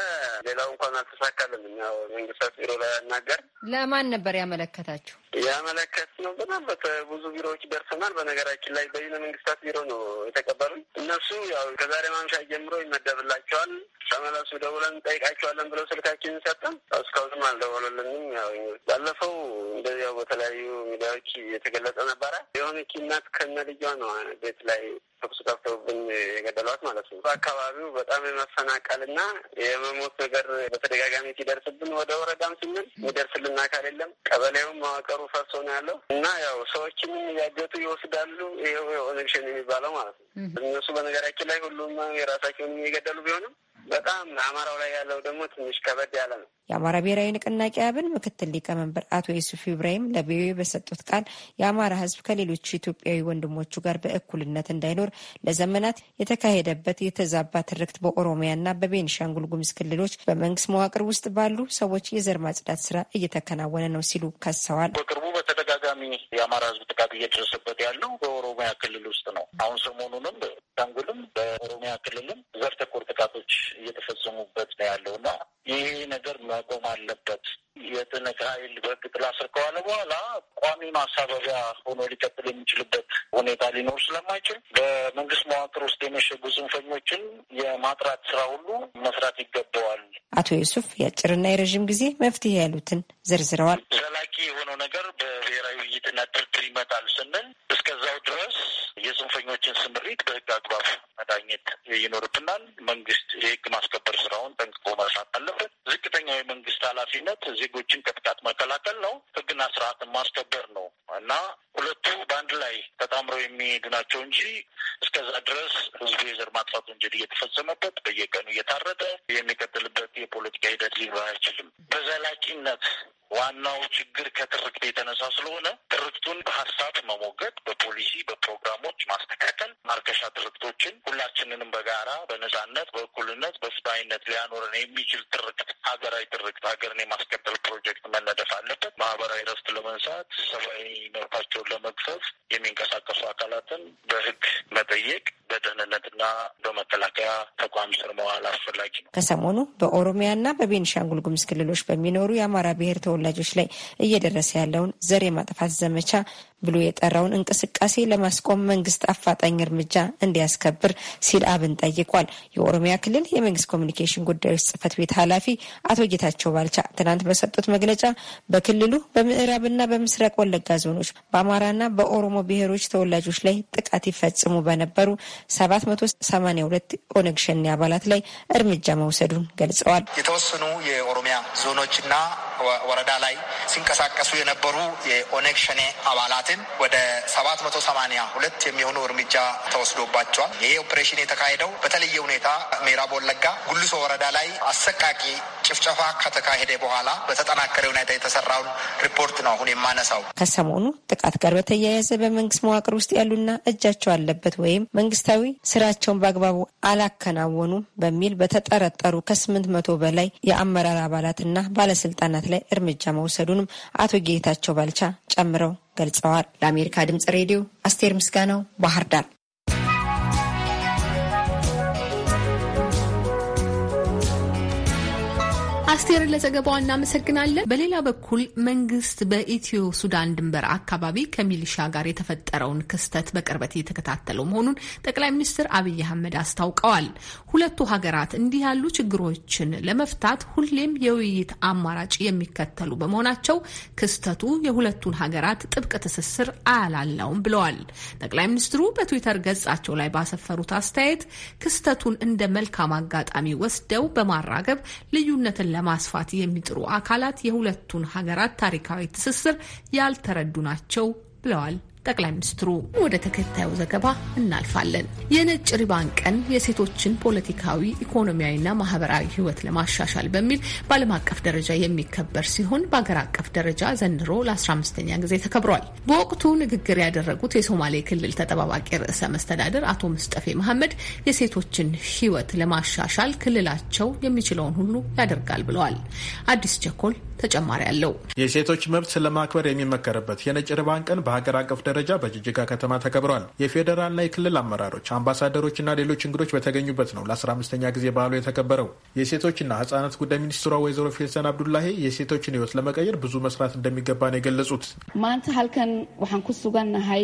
ሌላው እንኳን አልተሳካልም። ያው መንግስታት ቢሮ ላይ ያናገር ለማን ነበር ያመለከታችሁ? ያመለከት ነው ብናል ብዙ ቢሮዎች ደርሰናል። በነገራችን ላይ በይነ መንግስታት ቢሮ ነው የተቀበሉን። እነሱ ያው ከዛሬ ማምሻ ጀምሮ ይመደብላቸዋል፣ ተመለሱ፣ ደውለን ጠይቃቸዋለን ብለው ስልካችንን ሰጠን። እስካሁንም አልደወሉልንም። ያው ባለፈው እንደዚያው በተለያዩ ሚዲያዎች የተገለጸ ነበረ። የሆነች እናት ከነ ልጇ ነው ቤት ላይ ተኩስ ከፍተውብኝ የገደሏት ማለት ነው። በአካባቢው በጣም የመፈናቀልና የመሞት ነገር በተደጋጋሚ ሲደርስብን ወደ ወረዳም ስንል የሚደርስልን አካል የለም። ቀበሌውም መዋቅሩ ፈርሶ ነው ያለው እና ያው ሰዎችም እያገቱ ይወስዳሉ። ይኸው ኦነግ ሸኔ የሚባለው ማለት ነው። እነሱ በነገራችን ላይ ሁሉም የራሳቸውን የገደሉ ቢሆንም በጣም አማራው ላይ ያለው ደግሞ ትንሽ ከበድ ያለ ነው። የአማራ ብሔራዊ ንቅናቄ አብን ምክትል ሊቀመንበር አቶ ዩሱፍ ኢብራሂም ለቪኦኤ በሰጡት ቃል የአማራ ሕዝብ ከሌሎች ኢትዮጵያዊ ወንድሞቹ ጋር በእኩልነት እንዳይኖር ለዘመናት የተካሄደበት የተዛባ ትርክት በኦሮሚያና በቤኒሻንጉል ጉምዝ ክልሎች በመንግስት መዋቅር ውስጥ ባሉ ሰዎች የዘር ማጽዳት ስራ እየተከናወነ ነው ሲሉ ከሰዋል። በተደጋጋሚ የአማራ ህዝብ ጥቃት እየደረሰበት ያለው በኦሮሚያ ክልል ውስጥ ነው። አሁን ሰሞኑንም ታንጉልም በኦሮሚያ ክልልም ዘር ተኮር ጥቃቶች እየተፈጸሙበት ነው ያለው እና ይህ ነገር መቆም አለበት። የትንክ ኃይል በህግ ጥላ ስር ከዋለ በኋላ ቋሚ ማሳበቢያ ሆኖ ሊቀጥል የሚችልበት ሁኔታ ሊኖር ስለማይችል በመንግስት መዋቅር ውስጥ የመሸጉ ጽንፈኞችን የማጥራት ስራ ሁሉ መስራት ይገባዋል። አቶ ዩሱፍ የአጭርና የረዥም ጊዜ መፍትሄ ያሉትን ዘርዝረዋል። ዘላቂ የሆነው ነገር በብሔራዊ ውይይትና ድርድር ይመጣል ስንል እስከዛው ድረስ የጽንፈኞችን ስምሪት በህግ አግባብ መዳኘት ይኖርብናል። መንግስት የህግ ማስከበር ስራውን ጠንቅቆ መስራት አለበት። ዝቅተኛው የመንግስት ኃላፊነት ዜጎችን ከጥቃት መከላከል ነው፣ ህግና ስርዓትን ማስከበር ነው እና ሁለቱ በአንድ ላይ ተጣምረው የሚሄዱ ናቸው እንጂ እስከዛ ድረስ ህዝቡ የዘር ማጥፋት ወንጀል እየተፈጸመበት በየቀኑ እየታረደ የሚቀጥልበት የፖለቲካ ሂደት ሊኖር አይችልም። በዘላቂነት ዋናው ችግር ከትርክት የተነሳ ስለሆነ ትርክቱን በሀሳብ መሞገድ በፖሊሲ በፕሮግራሙ ድጋፎች ማስተካከል፣ ማርከሻ ትርክቶችን ሁላችንንም በጋራ በነጻነት፣ በእኩልነት፣ በስባይነት ሊያኖረን የሚችል ትርክት፣ ሀገራዊ ትርክት፣ ሀገርን የማስቀጠል ፕሮጀክት መነደፍ አለበት። ማህበራዊ ረፍት ለመንሳት ሰብአዊ መብታቸውን ለመግፈፍ የሚንቀሳቀሱ አካላትን በህግ መጠየቅ በደህንነትና በመከላከያ ተቋም ስር መዋል አስፈላጊ ነው። ከሰሞኑ በኦሮሚያና በቤኒሻንጉል ጉምዝ ክልሎች በሚኖሩ የአማራ ብሔር ተወላጆች ላይ እየደረሰ ያለውን ዘር የማጥፋት ዘመቻ ብሎ የጠራውን እንቅስቃሴ ለማስቆም መንግስት አፋጣኝ እርምጃ እንዲያስከብር ሲል አብን ጠይቋል። የኦሮሚያ ክልል የመንግስት ኮሚኒኬሽን ጉዳዮች ጽህፈት ቤት ኃላፊ አቶ ጌታቸው ባልቻ ትናንት በሰጡት መግለጫ በክልሉ በምዕራብና በምስራቅ ወለጋ ዞኖች በአማራና በኦሮሞ ብሔሮች ተወላጆች ላይ ጥቃት ይፈጽሙ በነበሩ 782 ኦነግ ሸኔ አባላት ላይ እርምጃ መውሰዱን ገልጸዋል። የተወሰኑ የኦሮሚያ ዞኖችና ወረዳ ላይ ሲንቀሳቀሱ የነበሩ የኦነግ ሸኔ አባላትን ወደ ሰባት መቶ ሰማኒያ ሁለት የሚሆኑ እርምጃ ተወስዶባቸዋል። ይሄ ኦፕሬሽን የተካሄደው በተለየ ሁኔታ ምዕራብ ወለጋ ጉልሶ ወረዳ ላይ አሰቃቂ ጭፍጨፋ ከተካሄደ በኋላ በተጠናከረ ሁኔታ የተሰራውን ሪፖርት ነው አሁን የማነሳው። ከሰሞኑ ጥቃት ጋር በተያያዘ በመንግስት መዋቅር ውስጥ ያሉና እጃቸው አለበት ወይም መንግስታዊ ስራቸውን በአግባቡ አላከናወኑም በሚል በተጠረጠሩ ከስምንት መቶ በላይ የአመራር አባላትና ባለስልጣናት ላይ እርምጃ መውሰዱንም አቶ ጌታቸው ባልቻ ጨምረው ገልጸዋል። ለአሜሪካ ድምጽ ሬዲዮ አስቴር ምስጋናው ባህር ዳር። አስቴርን ለዘገባዋ እናመሰግናለን። በሌላ በኩል መንግስት በኢትዮ ሱዳን ድንበር አካባቢ ከሚሊሻ ጋር የተፈጠረውን ክስተት በቅርበት እየተከታተለው መሆኑን ጠቅላይ ሚኒስትር አብይ አህመድ አስታውቀዋል። ሁለቱ ሀገራት እንዲህ ያሉ ችግሮችን ለመፍታት ሁሌም የውይይት አማራጭ የሚከተሉ በመሆናቸው ክስተቱ የሁለቱን ሀገራት ጥብቅ ትስስር አያላላውም ብለዋል። ጠቅላይ ሚኒስትሩ በትዊተር ገጻቸው ላይ ባሰፈሩት አስተያየት ክስተቱን እንደ መልካም አጋጣሚ ወስደው በማራገብ ልዩነትን ለማስፋት የሚጥሩ አካላት የሁለቱን ሀገራት ታሪካዊ ትስስር ያልተረዱ ናቸው ብለዋል ጠቅላይ ሚኒስትሩ። ወደ ተከታዩ ዘገባ እናልፋለን። የነጭ ሪባን ቀን የሴቶችን ፖለቲካዊ፣ ኢኮኖሚያዊና ማህበራዊ ህይወት ለማሻሻል በሚል በዓለም አቀፍ ደረጃ የሚከበር ሲሆን በአገር አቀፍ ደረጃ ዘንድሮ ለ15ኛ ጊዜ ተከብሯል። በወቅቱ ንግግር ያደረጉት የሶማሌ ክልል ተጠባባቂ ርዕሰ መስተዳደር አቶ ምስጠፌ መሐመድ የሴቶችን ህይወት ለማሻሻል ክልላቸው የሚችለውን ሁሉ ያደርጋል ብለዋል። አዲስ ቸኮል ተጨማሪ አለው። የሴቶች መብት ለማክበር የሚመከርበት የነጭ ሪባን ቀን በሀገር አቀፍ ደረጃ በጅጅጋ ከተማ ተከብረዋል። የፌዴራልና የክልል አመራሮች፣ አምባሳደሮችና ሌሎች እንግዶች በተገኙበት ነው ለ15ኛ ጊዜ በዓሉ የተከበረው። የሴቶችና ህጻናት ጉዳይ ሚኒስትሯ ወይዘሮ ፌሰን አብዱላሂ የሴቶችን ህይወት ለመቀየር ብዙ መስራት እንደሚገባ ነው የገለጹት። ማንተ ሀልከን waxaan ku sugannahay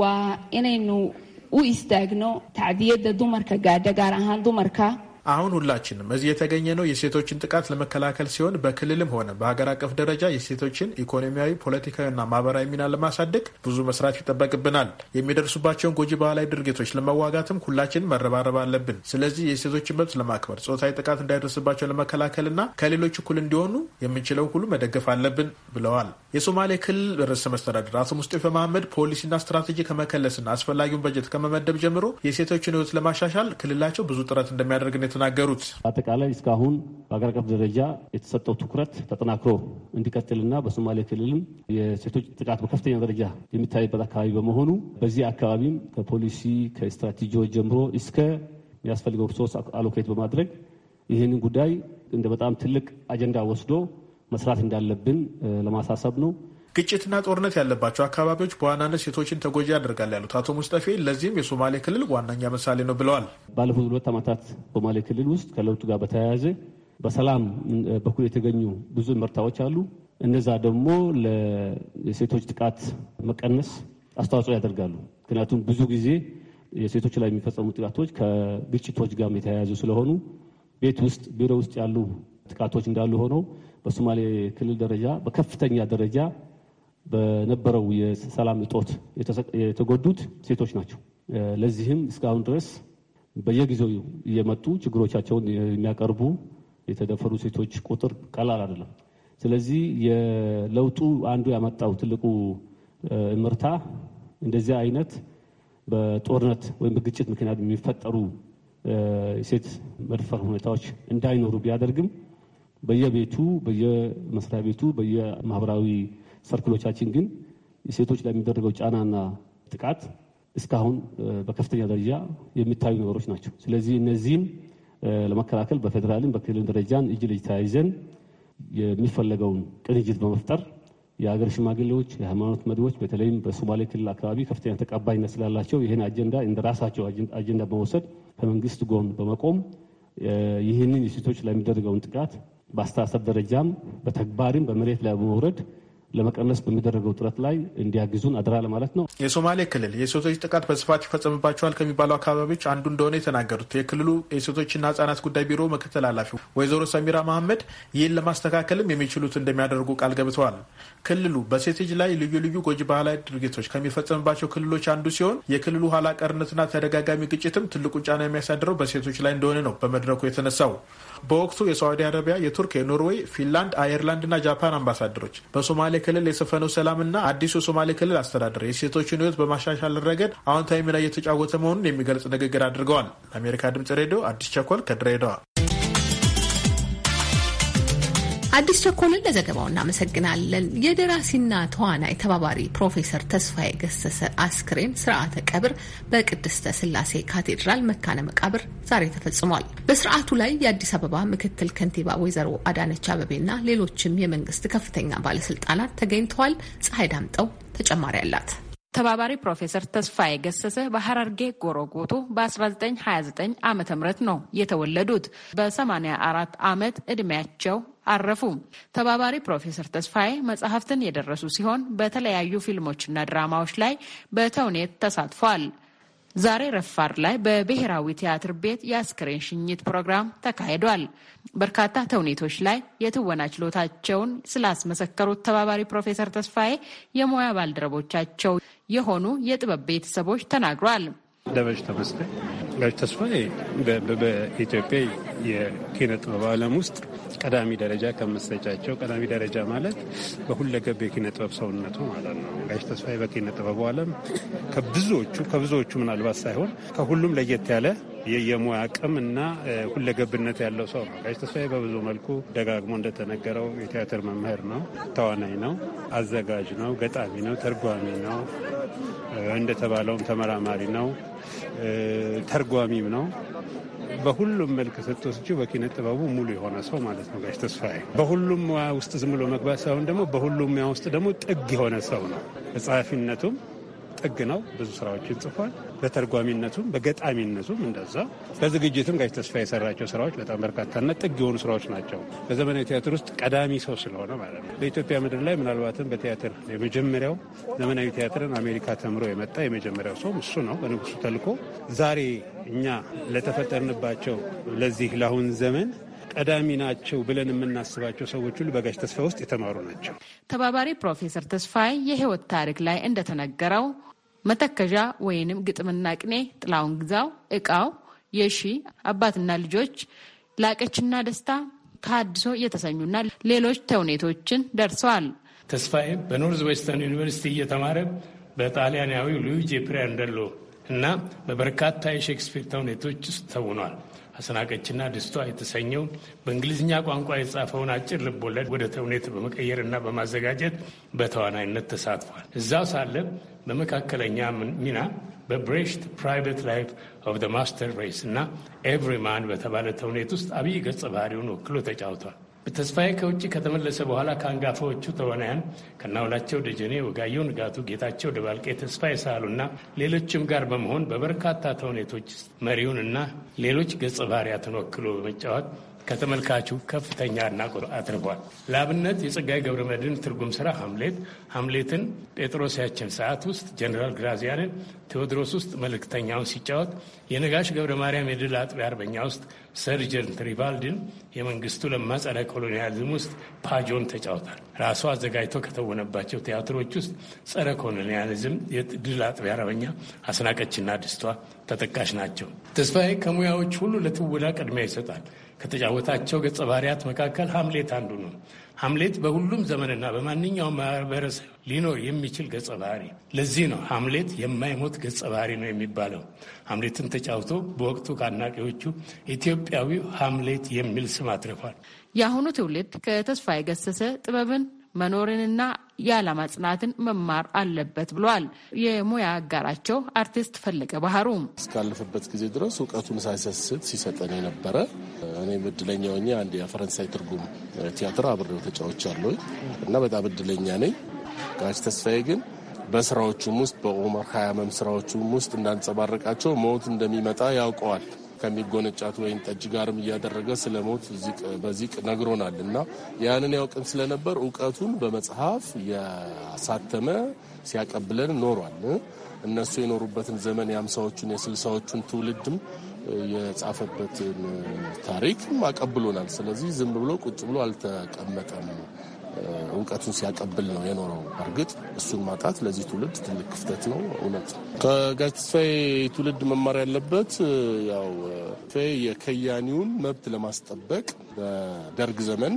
waa inaynu u istaagno tacdiyada dumarka gaadha gaar ahaan dumarka አሁን ሁላችንም እዚህ የተገኘ ነው የሴቶችን ጥቃት ለመከላከል ሲሆን በክልልም ሆነ በሀገር አቀፍ ደረጃ የሴቶችን ኢኮኖሚያዊ፣ ፖለቲካዊና ማህበራዊ ሚና ለማሳደግ ብዙ መስራት ይጠበቅብናል። የሚደርሱባቸውን ጎጂ ባህላዊ ድርጊቶች ለመዋጋትም ሁላችን መረባረብ አለብን። ስለዚህ የሴቶችን መብት ለማክበር፣ ጾታዊ ጥቃት እንዳይደርስባቸው ለመከላከልና ከሌሎች እኩል እንዲሆኑ የምንችለው ሁሉ መደገፍ አለብን ብለዋል። የሶማሌ ክልል ርዕሰ መስተዳድር አቶ ሙስጤፈ መሐመድ ፖሊሲና ስትራቴጂ ከመከለስና አስፈላጊውን በጀት ከመመደብ ጀምሮ የሴቶችን ህይወት ለማሻሻል ክልላቸው ብዙ ጥረት እንደሚያደርግ ነው የተናገሩት። አጠቃላይ እስካሁን በሀገር አቀፍ ደረጃ የተሰጠው ትኩረት ተጠናክሮ እንዲቀጥልና በሶማሌ ክልልም የሴቶች ጥቃት በከፍተኛ ደረጃ የሚታይበት አካባቢ በመሆኑ በዚህ አካባቢም ከፖሊሲ ከስትራቴጂዎች ጀምሮ እስከ የሚያስፈልገው ሪሶርስ አሎኬት በማድረግ ይህንን ጉዳይ እንደ በጣም ትልቅ አጀንዳ ወስዶ መስራት እንዳለብን ለማሳሰብ ነው። ግጭትና ጦርነት ያለባቸው አካባቢዎች በዋናነት ሴቶችን ተጎጂ ያደርጋል ያሉት አቶ ሙስጠፌ ለዚህም የሶማሌ ክልል ዋነኛ ምሳሌ ነው ብለዋል። ባለፉት ሁለት ዓመታት ሶማሌ ክልል ውስጥ ከለውጡ ጋር በተያያዘ በሰላም በኩል የተገኙ ብዙ ምርታዎች አሉ። እነዛ ደግሞ ለሴቶች ጥቃት መቀነስ አስተዋጽኦ ያደርጋሉ። ምክንያቱም ብዙ ጊዜ የሴቶች ላይ የሚፈጸሙ ጥቃቶች ከግጭቶች ጋር የተያያዙ ስለሆኑ ቤት ውስጥ፣ ቢሮ ውስጥ ያሉ ጥቃቶች እንዳሉ ሆነው በሶማሌ ክልል ደረጃ በከፍተኛ ደረጃ በነበረው የሰላም እጦት የተጎዱት ሴቶች ናቸው። ለዚህም እስካሁን ድረስ በየጊዜው እየመጡ ችግሮቻቸውን የሚያቀርቡ የተደፈሩ ሴቶች ቁጥር ቀላል አይደለም። ስለዚህ የለውጡ አንዱ ያመጣው ትልቁ እምርታ እንደዚህ አይነት በጦርነት ወይም በግጭት ምክንያት የሚፈጠሩ የሴት መድፈር ሁኔታዎች እንዳይኖሩ ቢያደርግም በየቤቱ፣ በየመስሪያ ቤቱ፣ በየማህበራዊ ሰርክሎቻችን ግን ሴቶች ላይ የሚደረገው ጫናና ጥቃት እስካሁን በከፍተኛ ደረጃ የሚታዩ ነገሮች ናቸው። ስለዚህ እነዚህም ለመከላከል በፌዴራልም በክልል ደረጃን እጅ ለእጅ ተያይዘን የሚፈለገውን ቅንጅት በመፍጠር የሀገር ሽማግሌዎች፣ የሃይማኖት መሪዎች በተለይም በሶማሌ ክልል አካባቢ ከፍተኛ ተቀባይነት ስላላቸው ይህን አጀንዳ እንደ ራሳቸው አጀንዳ በመውሰድ ከመንግስት ጎን በመቆም ይህንን የሴቶች ላይ የሚደረገውን ጥቃት በአስተሳሰብ ደረጃም በተግባርም በመሬት ላይ በመውረድ ለመቀነስ በሚደረገው ጥረት ላይ እንዲያግዙን አድራ ለማለት ነው። የሶማሌ ክልል የሴቶች ጥቃት በስፋት ይፈጸምባቸዋል ከሚባሉ አካባቢዎች አንዱ እንደሆነ የተናገሩት የክልሉ የሴቶችና ህጻናት ጉዳይ ቢሮ ምክትል ኃላፊ ወይዘሮ ሰሚራ መሐመድ ይህን ለማስተካከልም የሚችሉት እንደሚያደርጉ ቃል ገብተዋል። ክልሉ በሴት ልጅ ላይ ልዩ ልዩ ጎጂ ባህላዊ ድርጊቶች ከሚፈጸምባቸው ክልሎች አንዱ ሲሆን የክልሉ ኋላ ቀርነትና ተደጋጋሚ ግጭትም ትልቁን ጫና የሚያሳድረው በሴቶች ላይ እንደሆነ ነው በመድረኩ የተነሳው። በወቅቱ የሳዑዲ አረቢያ፣ የቱርክ፣ የኖርዌይ፣ ፊንላንድ፣ አየርላንድ እና ጃፓን አምባሳደሮች በሶማሌ ክልል የሰፈነው ሰላምና አዲሱ የሶማሌ ክልል አስተዳደር የሴቶችን ሕይወት በማሻሻል ረገድ አዎንታዊ ሚና እየተጫወተ መሆኑን የሚገልጽ ንግግር አድርገዋል። ለአሜሪካ ድምጽ ሬዲዮ አዲስ ቸኮል ከድሬዳዋ አዲስ ቸኮልን ለዘገባው እናመሰግናለን። የደራሲና ተዋናይ ተባባሪ ፕሮፌሰር ተስፋዬ ገሰሰ አስክሬን ስርዓተ ቀብር በቅድስተ ስላሴ ካቴድራል መካነ መቃብር ዛሬ ተፈጽሟል። በስርዓቱ ላይ የአዲስ አበባ ምክትል ከንቲባ ወይዘሮ አዳነች አበቤና ሌሎችም የመንግስት ከፍተኛ ባለስልጣናት ተገኝተዋል። ፀሐይ ዳምጠው ተጨማሪ አላት። ተባባሪ ፕሮፌሰር ተስፋዬ ገሰሰ በሐረርጌ ጎሮጎቶ በ1929 ዓ ም ነው የተወለዱት። በ84 ዓመት ዕድሜያቸው አረፉ። ተባባሪ ፕሮፌሰር ተስፋዬ መጽሐፍትን የደረሱ ሲሆን በተለያዩ ፊልሞችና ድራማዎች ላይ በተውኔት ተሳትፏል። ዛሬ ረፋር ላይ በብሔራዊ ቲያትር ቤት የአስክሬን ሽኝት ፕሮግራም ተካሂዷል። በርካታ ተውኔቶች ላይ የትወና ችሎታቸውን ስላስመሰከሩት ተባባሪ ፕሮፌሰር ተስፋዬ የሙያ ባልደረቦቻቸው የሆኑ የጥበብ ቤተሰቦች ተናግሯል። ደበጅ ተመስገን ወላጅ ተስፋዬ በኢትዮጵያ የኪነ ጥበብ ዓለም ውስጥ ቀዳሚ ደረጃ ከመሰጫቸው ቀዳሚ ደረጃ ማለት በሁለገብ የኪነ ጥበብ ሰውነቱ ማለት ነው። ጋሽ ተስፋዬ በኪነ ጥበቡ ዓለም ከብዙዎቹ ከብዙዎቹ ምናልባት ሳይሆን ከሁሉም ለየት ያለ የየሙያ አቅም እና ሁለገብነት ያለው ሰው ነው። ጋሽ ተስፋዬ በብዙ መልኩ ደጋግሞ እንደተነገረው የቲያትር መምህር ነው፣ ተዋናይ ነው፣ አዘጋጅ ነው፣ ገጣሚ ነው፣ ተርጓሚ ነው፣ እንደተባለውም ተመራማሪ ነው፣ ተርጓሚም ነው። በሁሉም መልክ ስትወስጂው በኪነ ጥበቡ ሙሉ የሆነ ሰው ማለት ነው ጋሽ ተስፋዬ። በሁሉም ሙያ ውስጥ ዝም ብሎ መግባት ሳይሆን ደግሞ በሁሉም ሙያ ውስጥ ደግሞ ጥግ የሆነ ሰው ነው። ጸሐፊነቱም ጥግ ነው። ብዙ ስራዎችን ጽፏል። በተርጓሚነቱም በገጣሚነቱም እንደዛ በዝግጅትም ጋሽ ተስፋ የሰራቸው ስራዎች በጣም በርካታና ጥግ የሆኑ ስራዎች ናቸው። በዘመናዊ ቲያትር ውስጥ ቀዳሚ ሰው ስለሆነ ማለት ነው። በኢትዮጵያ ምድር ላይ ምናልባትም በቲያትር የመጀመሪያው ዘመናዊ ቲያትርን አሜሪካ ተምሮ የመጣ የመጀመሪያው ሰው እሱ ነው። በንጉሱ ተልኮ ዛሬ እኛ ለተፈጠርንባቸው ለዚህ ለአሁን ዘመን ቀዳሚ ናቸው ብለን የምናስባቸው ሰዎች ሁሉ በጋሽ ተስፋ ውስጥ የተማሩ ናቸው። ተባባሪ ፕሮፌሰር ተስፋዬ የህይወት ታሪክ ላይ እንደተነገረው መተከዣ ወይንም ግጥምና ቅኔ ጥላውን ግዛው፣ እቃው የሺ አባትና ልጆች፣ ላቀችና ደስታ፣ ታድሶ እየተሰኙና ሌሎች ተውኔቶችን ደርሰዋል። ተስፋዬ በኖርዝ ዌስተርን ዩኒቨርሲቲ እየተማረ በጣሊያናዊው ሉዊጂ ፒራንዴሎ እና በበርካታ የሼክስፒር ተውኔቶች ውስጥ ተውኗል። አስናቀችና ድስቷ የተሰኘው በእንግሊዝኛ ቋንቋ የተጻፈውን አጭር ልቦለድ ወደ ተውኔት በመቀየር እና በማዘጋጀት በተዋናይነት ተሳትፏል። እዛው ሳለ በመካከለኛ ሚና በብሬሽት ፕራይቬት ላይፍ ኦፍ ማስተር ሬስ እና ኤቭሪ ማን በተባለ ተውኔት ውስጥ አብይ ገጸ ባህሪውን ወክሎ ተጫውቷል። ተስፋዬ ከውጭ ከተመለሰ በኋላ ከአንጋፋዎቹ ተዋናያን ከናውላቸው ደጀኔ፣ ወጋየሁ ንጋቱ፣ ጌታቸው ደባልቄ፣ ተስፋዬ ሳህሉና ሌሎችም ጋር በመሆን በበርካታ ተውኔቶች መሪውንና ሌሎች ገጸ ባህሪያትን ወክሎ በመጫወት ከተመልካቹ ከፍተኛ አድናቆት አትርፏል። ለአብነት የጸጋዬ መድን ትርጉም ስራ ሐምሌት ሐምሌትን ጴጥሮስ ያችን ሰዓት ውስጥ ጀኔራል ግራዚያንን ቴዎድሮስ ውስጥ መልእክተኛውን ሲጫወት፣ የነጋሽ ገብረ ማርያም የድል አጥቢያ አርበኛ ውስጥ ሰርጀን ትሪባልድን፣ የመንግስቱ ለማ ጸረ ኮሎኒያሊዝም ውስጥ ፓጆን ተጫውታል። ራሱ አዘጋጅቶ ከተወነባቸው ቲያትሮች ውስጥ ጸረ ኮሎኒያሊዝም የድል አጥቢያ አርበኛ አስናቀችና ድስቷ ተጠቃሽ ናቸው። ተስፋዬ ከሙያዎች ሁሉ ለትውላ ቅድሚያ ይሰጣል። ከተጫወታቸው ገጸ ባህሪያት መካከል ሀምሌት አንዱ ነው። ሐምሌት በሁሉም ዘመንና በማንኛውም ማህበረሰብ ሊኖር የሚችል ገጸ ባህሪ። ለዚህ ነው ሐምሌት የማይሞት ገጸ ባህሪ ነው የሚባለው። ሀምሌትን ተጫውቶ በወቅቱ ከአድናቂዎቹ ኢትዮጵያዊው ሀምሌት የሚል ስም አትርፏል። የአሁኑ ትውልድ ከተስፋዬ ገሰሰ ጥበብን መኖርንና የዓላማ ጽናትን መማር አለበት ብሏል። የሙያ አጋራቸው አርቲስት ፈለቀ ባህሩ እስካለፈበት ጊዜ ድረስ እውቀቱን ሳይሰስት ሲሰጠን የነበረ እኔም እድለኛ ሆኜ አንድ የፈረንሳይ ትርጉም ቲያትር አብሬው ተጫዎች አለኝ እና በጣም እድለኛ ነኝ። ጋሽ ተስፋዬ ግን በስራዎቹም ውስጥ በኦመር ሀያመም ስራዎቹም ውስጥ እንዳንጸባረቃቸው ሞት እንደሚመጣ ያውቀዋል። ከሚጎነጫት ወይን ጠጅ ጋርም እያደረገ ስለ ሞት በዚቅ ነግሮናል እና ያንን ያውቅም ስለነበር እውቀቱን በመጽሐፍ ያሳተመ ሲያቀብለን ኖሯል። እነሱ የኖሩበትን ዘመን የአምሳዎቹን የስልሳዎቹን ትውልድም የጻፈበትን ታሪክም አቀብሎናል። ስለዚህ ዝም ብሎ ቁጭ ብሎ አልተቀመጠም። እውቀቱን ሲያቀብል ነው የኖረው። እርግጥ እሱን ማጣት ለዚህ ትውልድ ትልቅ ክፍተት ነው። እውነት ከጋሽ ተስፋዬ ትውልድ መማር ያለበት ያው የከያኒውን መብት ለማስጠበቅ በደርግ ዘመን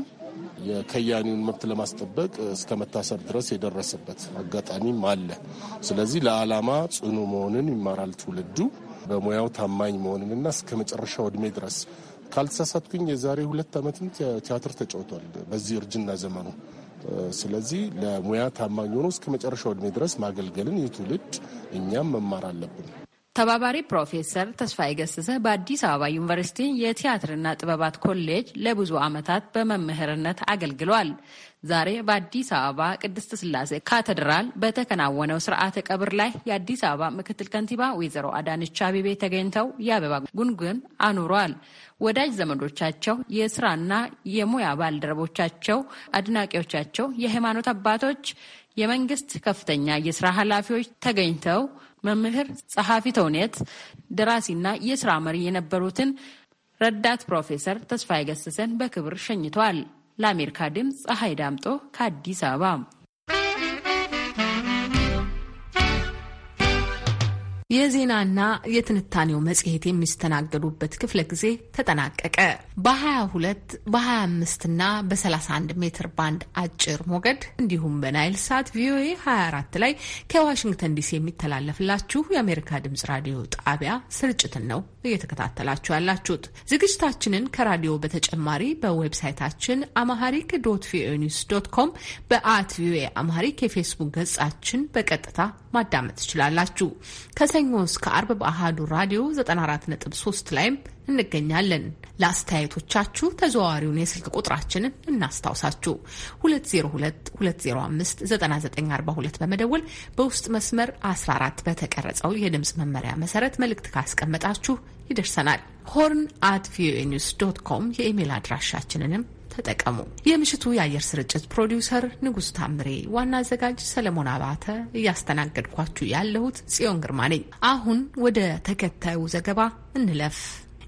የከያኒውን መብት ለማስጠበቅ እስከ መታሰር ድረስ የደረሰበት አጋጣሚም አለ። ስለዚህ ለዓላማ ጽኑ መሆንን ይማራል ትውልዱ በሙያው ታማኝ መሆንንና እስከ መጨረሻው እድሜ ድረስ ካልተሳሳትኩኝ የዛሬ ሁለት ዓመትም ቲያትር ተጫውቷል በዚህ እርጅና ዘመኑ። ስለዚህ ለሙያ ታማኝ ሆኖ እስከ መጨረሻው ዕድሜ ድረስ ማገልገልን ይህ ትውልድ እኛም መማር አለብን። ተባባሪ ፕሮፌሰር ተስፋዬ ገሰሰ በአዲስ አበባ ዩኒቨርሲቲ የቲያትርና ጥበባት ኮሌጅ ለብዙ ዓመታት በመምህርነት አገልግሏል። ዛሬ በአዲስ አበባ ቅድስት ስላሴ ካቴድራል በተከናወነው ስርዓተ ቀብር ላይ የአዲስ አበባ ምክትል ከንቲባ ወይዘሮ አዳነች አቤቤ ተገኝተው የአበባ ጉንጉን አኑሯል። ወዳጅ ዘመዶቻቸው፣ የስራና የሙያ ባልደረቦቻቸው፣ አድናቂዎቻቸው፣ የሃይማኖት አባቶች፣ የመንግስት ከፍተኛ የስራ ኃላፊዎች ተገኝተው መምህር፣ ጸሐፊ ተውኔት፣ ደራሲና የስራ መሪ የነበሩትን ረዳት ፕሮፌሰር ተስፋዬ ገሰሰን በክብር ሸኝተዋል። ለአሜሪካ ድምፅ ፀሐይ ዳምጦ ከአዲስ አበባ የዜናና የትንታኔው መጽሔት የሚስተናገዱበት ክፍለ ጊዜ ተጠናቀቀ። በ22 በ25 እና በ31 ሜትር ባንድ አጭር ሞገድ እንዲሁም በናይል ሳት ቪኦኤ 24 ላይ ከዋሽንግተን ዲሲ የሚተላለፍላችሁ የአሜሪካ ድምጽ ራዲዮ ጣቢያ ስርጭትን ነው እየተከታተላችሁ ያላችሁት። ዝግጅታችንን ከራዲዮ በተጨማሪ በዌብሳይታችን አማሃሪክ ዶት ቪኦኤ ኒውስ ዶት ኮም በአት ቪኦኤ አማሃሪክ የፌስቡክ ገጻችን በቀጥታ ማዳመጥ ትችላላችሁ። ከሰኞ እስከ አርብ በአህዱ ራዲዮ 94.3 ላይም እንገኛለን። ለአስተያየቶቻችሁ ተዘዋዋሪውን የስልክ ቁጥራችንን እናስታውሳችሁ 2022059942 በመደወል በውስጥ መስመር 14 በተቀረጸው የድምፅ መመሪያ መሰረት መልእክት ካስቀመጣችሁ ይደርሰናል። ሆርን አት ቪኦኤ ኒውስ ዶት ኮም የኢሜይል አድራሻችንንም ተጠቀሙ። የምሽቱ የአየር ስርጭት ፕሮዲውሰር ንጉስ ታምሬ፣ ዋና አዘጋጅ ሰለሞን አባተ፣ እያስተናገድኳችሁ ያለሁት ጽዮን ግርማ ነኝ። አሁን ወደ ተከታዩ ዘገባ እንለፍ።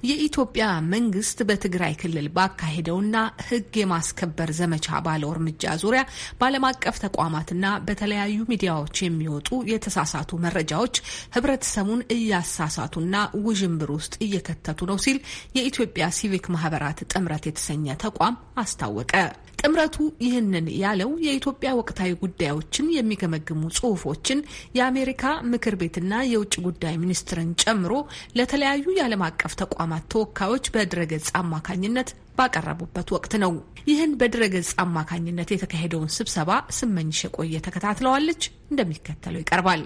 የኢትዮጵያ መንግስት በትግራይ ክልል ባካሄደውና ሕግ የማስከበር ዘመቻ ባለው እርምጃ ዙሪያ በዓለም አቀፍ ተቋማትና በተለያዩ ሚዲያዎች የሚወጡ የተሳሳቱ መረጃዎች ሕብረተሰቡን እያሳሳቱና ውዥንብር ውስጥ እየከተቱ ነው ሲል የኢትዮጵያ ሲቪክ ማህበራት ጥምረት የተሰኘ ተቋም አስታወቀ። ጥምረቱ ይህንን ያለው የኢትዮጵያ ወቅታዊ ጉዳዮችን የሚገመግሙ ጽሁፎችን የአሜሪካ ምክር ቤትና የውጭ ጉዳይ ሚኒስትርን ጨምሮ ለተለያዩ የዓለም አቀፍ ተቋማት ተወካዮች በድረገጽ አማካኝነት ባቀረቡበት ወቅት ነው። ይህን በድረገጽ አማካኝነት የተካሄደውን ስብሰባ ስመኝሽ የቆየ ተከታትለዋለች፣ እንደሚከተለው ይቀርባል።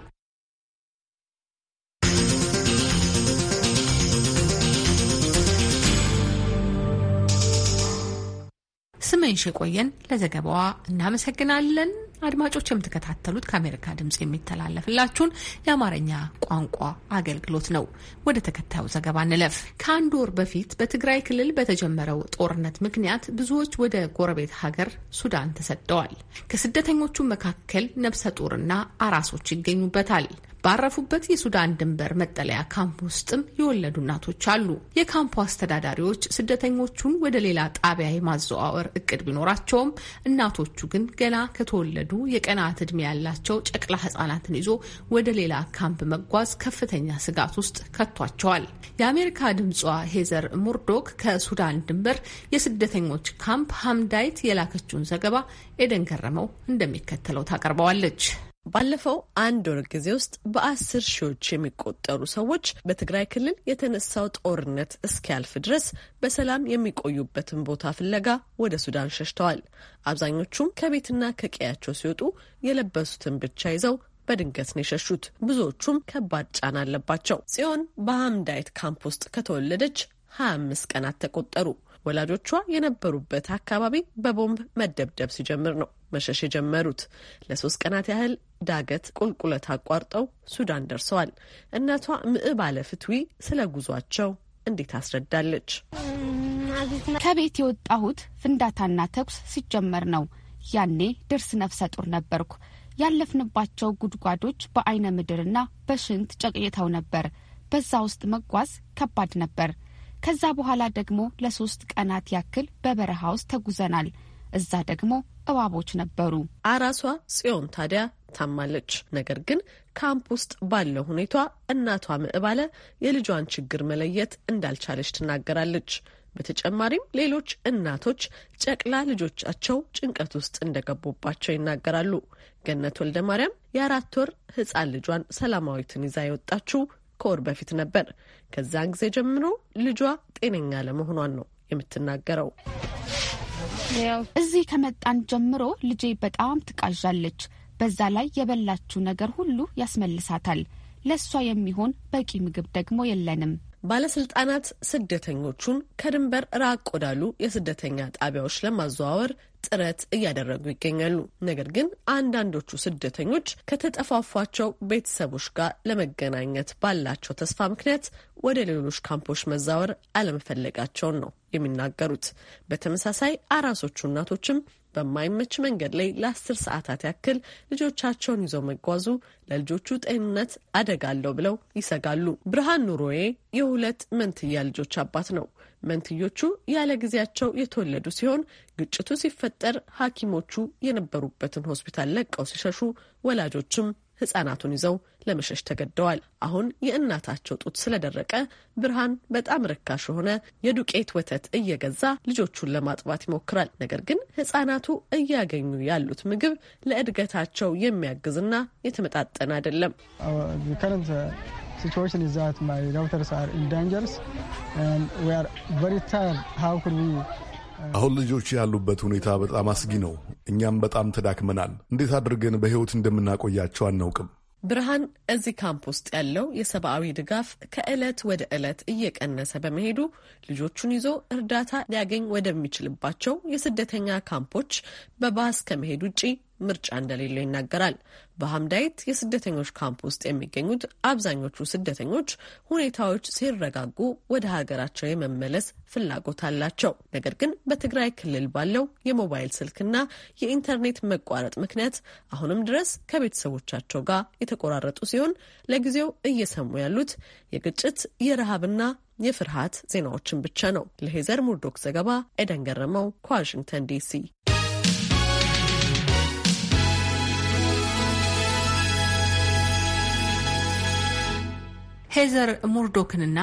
ስመኝሽ የቆየን ለዘገባዋ እናመሰግናለን። አድማጮች የምትከታተሉት ከአሜሪካ ድምጽ የሚተላለፍላችሁን የአማርኛ ቋንቋ አገልግሎት ነው። ወደ ተከታዩ ዘገባ እንለፍ። ከአንድ ወር በፊት በትግራይ ክልል በተጀመረው ጦርነት ምክንያት ብዙዎች ወደ ጎረቤት ሀገር ሱዳን ተሰደዋል። ከስደተኞቹ መካከል ነፍሰ ጡርና አራሶች ይገኙበታል። ባረፉበት የሱዳን ድንበር መጠለያ ካምፕ ውስጥም የወለዱ እናቶች አሉ። የካምፑ አስተዳዳሪዎች ስደተኞቹን ወደ ሌላ ጣቢያ የማዘዋወር እቅድ ቢኖራቸውም እናቶቹ ግን ገና ከተወለዱ አንዱ የቀናት ዕድሜ ያላቸው ጨቅላ ህጻናትን ይዞ ወደ ሌላ ካምፕ መጓዝ ከፍተኛ ስጋት ውስጥ ከቷቸዋል። የአሜሪካ ድምጿ ሄዘር ሙርዶክ ከሱዳን ድንበር የስደተኞች ካምፕ ሀምዳይት የላከችውን ዘገባ ኤደን ገረመው እንደሚከተለው ታቀርበዋለች። ባለፈው አንድ ወር ጊዜ ውስጥ በአስር ሺዎች የሚቆጠሩ ሰዎች በትግራይ ክልል የተነሳው ጦርነት እስኪያልፍ ድረስ በሰላም የሚቆዩበትን ቦታ ፍለጋ ወደ ሱዳን ሸሽተዋል። አብዛኞቹም ከቤትና ከቀያቸው ሲወጡ የለበሱትን ብቻ ይዘው በድንገት ነው የሸሹት። ብዙዎቹም ከባድ ጫና አለባቸው። ጽዮን በሀምዳይት ካምፕ ውስጥ ከተወለደች 25 ቀናት ተቆጠሩ። ወላጆቿ የነበሩበት አካባቢ በቦምብ መደብደብ ሲጀምር ነው መሸሽ የጀመሩት። ለሶስት ቀናት ያህል ዳገት ቁልቁለት አቋርጠው ሱዳን ደርሰዋል። እናቷ ምዕባለ ፍትዊ ስለ ጉዟቸው እንዴት አስረዳለች። ከቤት የወጣሁት ፍንዳታና ተኩስ ሲጀመር ነው። ያኔ ድርስ ነፍሰ ጡር ነበርኩ። ያለፍንባቸው ጉድጓዶች በአይነ ምድርና በሽንት ጨቅይተው ነበር። በዛ ውስጥ መጓዝ ከባድ ነበር። ከዛ በኋላ ደግሞ ለሶስት ቀናት ያክል በበረሃ ውስጥ ተጉዘናል። እዛ ደግሞ እባቦች ነበሩ። አራሷ ጽዮን ታዲያ ታማለች። ነገር ግን ካምፕ ውስጥ ባለው ሁኔታ እናቷ ምዕባለ የልጇን ችግር መለየት እንዳልቻለች ትናገራለች። በተጨማሪም ሌሎች እናቶች ጨቅላ ልጆቻቸው ጭንቀት ውስጥ እንደገቡባቸው ይናገራሉ። ገነት ወልደ ማርያም የአራት ወር ሕፃን ልጇን ሰላማዊትን ይዛ የወጣችው ከወር በፊት ነበር። ከዛን ጊዜ ጀምሮ ልጇ ጤነኛ ለመሆኗን ነው የምትናገረው። እዚህ ከመጣን ጀምሮ ልጄ በጣም ትቃዣለች። በዛ ላይ የበላችው ነገር ሁሉ ያስመልሳታል። ለእሷ የሚሆን በቂ ምግብ ደግሞ የለንም። ባለስልጣናት ስደተኞቹን ከድንበር ራቅ ወዳሉ የስደተኛ ጣቢያዎች ለማዘዋወር ጥረት እያደረጉ ይገኛሉ። ነገር ግን አንዳንዶቹ ስደተኞች ከተጠፋፏቸው ቤተሰቦች ጋር ለመገናኘት ባላቸው ተስፋ ምክንያት ወደ ሌሎች ካምፖች መዛወር አለመፈለጋቸውን ነው የሚናገሩት። በተመሳሳይ አራሶቹ እናቶችም በማይመች መንገድ ላይ ለአስር ሰዓታት ያክል ልጆቻቸውን ይዘው መጓዙ ለልጆቹ ጤንነት አደጋ አለው ብለው ይሰጋሉ። ብርሃን ኑሮዬ የሁለት መንትያ ልጆች አባት ነው። መንትዮቹ ያለ ጊዜያቸው የተወለዱ ሲሆን ግጭቱ ሲፈጠር ሐኪሞቹ የነበሩበትን ሆስፒታል ለቀው ሲሸሹ ወላጆችም ህጻናቱን ይዘው ለመሸሽ ተገደዋል። አሁን የእናታቸው ጡት ስለደረቀ ብርሃን በጣም ርካሽ የሆነ የዱቄት ወተት እየገዛ ልጆቹን ለማጥባት ይሞክራል። ነገር ግን ህጻናቱ እያገኙ ያሉት ምግብ ለእድገታቸው የሚያግዝና የተመጣጠነ አይደለም። uh, አሁን ልጆች ያሉበት ሁኔታ በጣም አስጊ ነው። እኛም በጣም ተዳክመናል። እንዴት አድርገን በሕይወት እንደምናቆያቸው አናውቅም። ብርሃን እዚህ ካምፕ ውስጥ ያለው የሰብአዊ ድጋፍ ከዕለት ወደ ዕለት እየቀነሰ በመሄዱ ልጆቹን ይዞ እርዳታ ሊያገኝ ወደሚችልባቸው የስደተኛ ካምፖች በባስ ከመሄድ ውጪ ምርጫ እንደሌለው ይናገራል። በሀምዳይት የስደተኞች ካምፕ ውስጥ የሚገኙት አብዛኞቹ ስደተኞች ሁኔታዎች ሲረጋጉ ወደ ሀገራቸው የመመለስ ፍላጎት አላቸው። ነገር ግን በትግራይ ክልል ባለው የሞባይል ስልክና የኢንተርኔት መቋረጥ ምክንያት አሁንም ድረስ ከቤተሰቦቻቸው ጋር የተቆራረጡ ሲሆን ለጊዜው እየሰሙ ያሉት የግጭት የረሃብና የፍርሃት ዜናዎችን ብቻ ነው። ለሄዘር ሙርዶክ ዘገባ ኤደን ገረመው ከዋሽንግተን ዲሲ ሄዘር ሙርዶክንና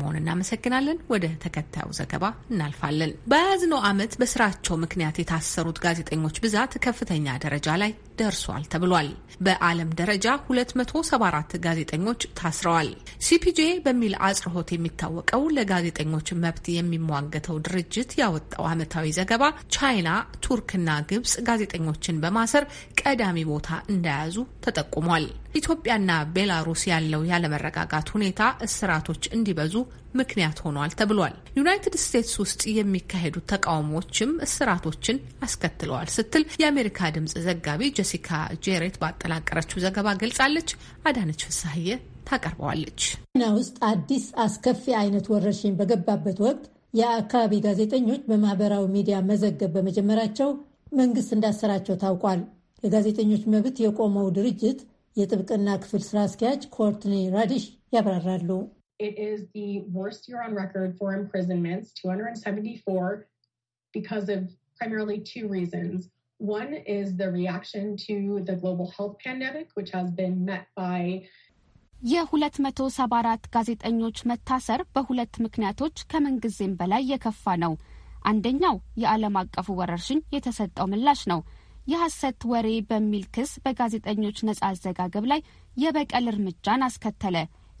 መሆን እናመሰግናለን። ወደ ተከታዩ ዘገባ እናልፋለን። በያዝነው ዓመት በስራቸው ምክንያት የታሰሩት ጋዜጠኞች ብዛት ከፍተኛ ደረጃ ላይ ደርሷል ተብሏል። በዓለም ደረጃ 274 ጋዜጠኞች ታስረዋል። ሲፒጄ በሚል አጽርሆት የሚታወቀው ለጋዜጠኞች መብት የሚሟገተው ድርጅት ያወጣው ዓመታዊ ዘገባ ቻይና፣ ቱርክና ግብጽ ጋዜጠኞችን በማሰር ቀዳሚ ቦታ እንደያዙ ተጠቁሟል። ኢትዮጵያና ቤላሩስ ያለው ያለመረጋጋት ሁኔታ እስራቶች እንዲበዙ ምክንያት ሆኗል ተብሏል። ዩናይትድ ስቴትስ ውስጥ የሚካሄዱ ተቃውሞዎችም እስራቶችን አስከትለዋል ስትል የአሜሪካ ድምጽ ዘጋቢ ጀሲካ ጄሬት ባጠናቀረችው ዘገባ ገልጻለች። አዳነች ፍሳህዬ ታቀርበዋለች። ና ውስጥ አዲስ አስከፊ አይነት ወረርሽኝ በገባበት ወቅት የአካባቢ ጋዜጠኞች በማህበራዊ ሚዲያ መዘገብ በመጀመራቸው መንግስት እንዳሰራቸው ታውቋል። ለጋዜጠኞች መብት የቆመው ድርጅት የጥብቅና ክፍል ስራ አስኪያጅ ኮርትኒ ራዲሽ ያብራራሉ። It is the worst year on record for imprisonments, 274, because of primarily two reasons. One is the reaction to the global health pandemic, which has been met by ጋዜጠኞች መታሰር በሁለት ምክንያቶች ከምንጊዜም በላይ የከፋ ነው። አንደኛው የዓለም አቀፉ ወረርሽኝ የተሰጠው ምላሽ ነው። የሐሰት ወሬ በሚል ክስ በጋዜጠኞች ነጻ አዘጋገብ ላይ የበቀል እርምጃን አስከተለ።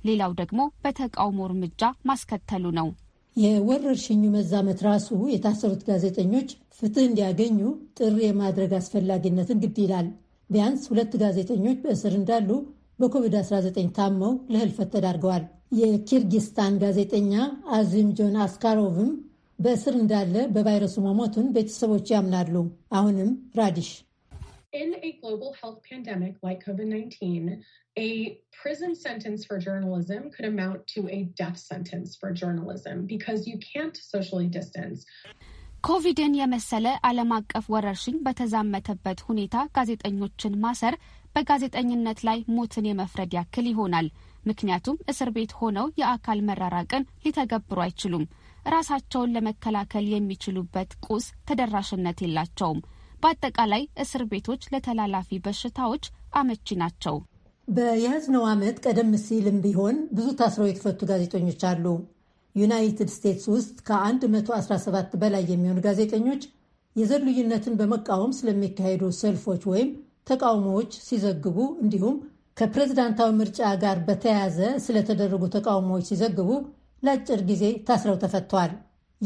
ሌላው ደግሞ በተቃውሞ እርምጃ ማስከተሉ ነው። የወረርሽኙ መዛመት ራሱ የታሰሩት ጋዜጠኞች ፍትህ እንዲያገኙ ጥሪ የማድረግ አስፈላጊነትን ግድ ይላል። ቢያንስ ሁለት ጋዜጠኞች በእስር እንዳሉ በኮቪድ-19 ታመው ለህልፈት ተዳርገዋል። የኪርጊስታን ጋዜጠኛ አዚም ጆን አስካሮቭም በእስር እንዳለ በቫይረሱ መሞቱን ቤተሰቦች ያምናሉ። አሁንም ራዲሽ in a global health pandemic like COVID 19, a prison sentence for journalism could amount to a death sentence for journalism because you can't socially distance. ኮቪድን የመሰለ ዓለም አቀፍ ወረርሽኝ በተዛመተበት ሁኔታ ጋዜጠኞችን ማሰር በጋዜጠኝነት ላይ ሞትን የመፍረድ ያክል ይሆናል። ምክንያቱም እስር ቤት ሆነው የአካል መራራቅን ሊተገብሩ አይችሉም። ራሳቸውን ለመከላከል የሚችሉበት ቁስ ተደራሽነት የላቸውም። በአጠቃላይ እስር ቤቶች ለተላላፊ በሽታዎች አመቺ ናቸው። በያዝነው ዓመት ቀደም ሲልም ቢሆን ብዙ ታስረው የተፈቱ ጋዜጠኞች አሉ። ዩናይትድ ስቴትስ ውስጥ ከ117 በላይ የሚሆኑ ጋዜጠኞች የዘር ልዩነትን በመቃወም ስለሚካሄዱ ሰልፎች ወይም ተቃውሞዎች ሲዘግቡ እንዲሁም ከፕሬዝዳንታዊ ምርጫ ጋር በተያያዘ ስለተደረጉ ተቃውሞዎች ሲዘግቡ ለአጭር ጊዜ ታስረው ተፈተዋል።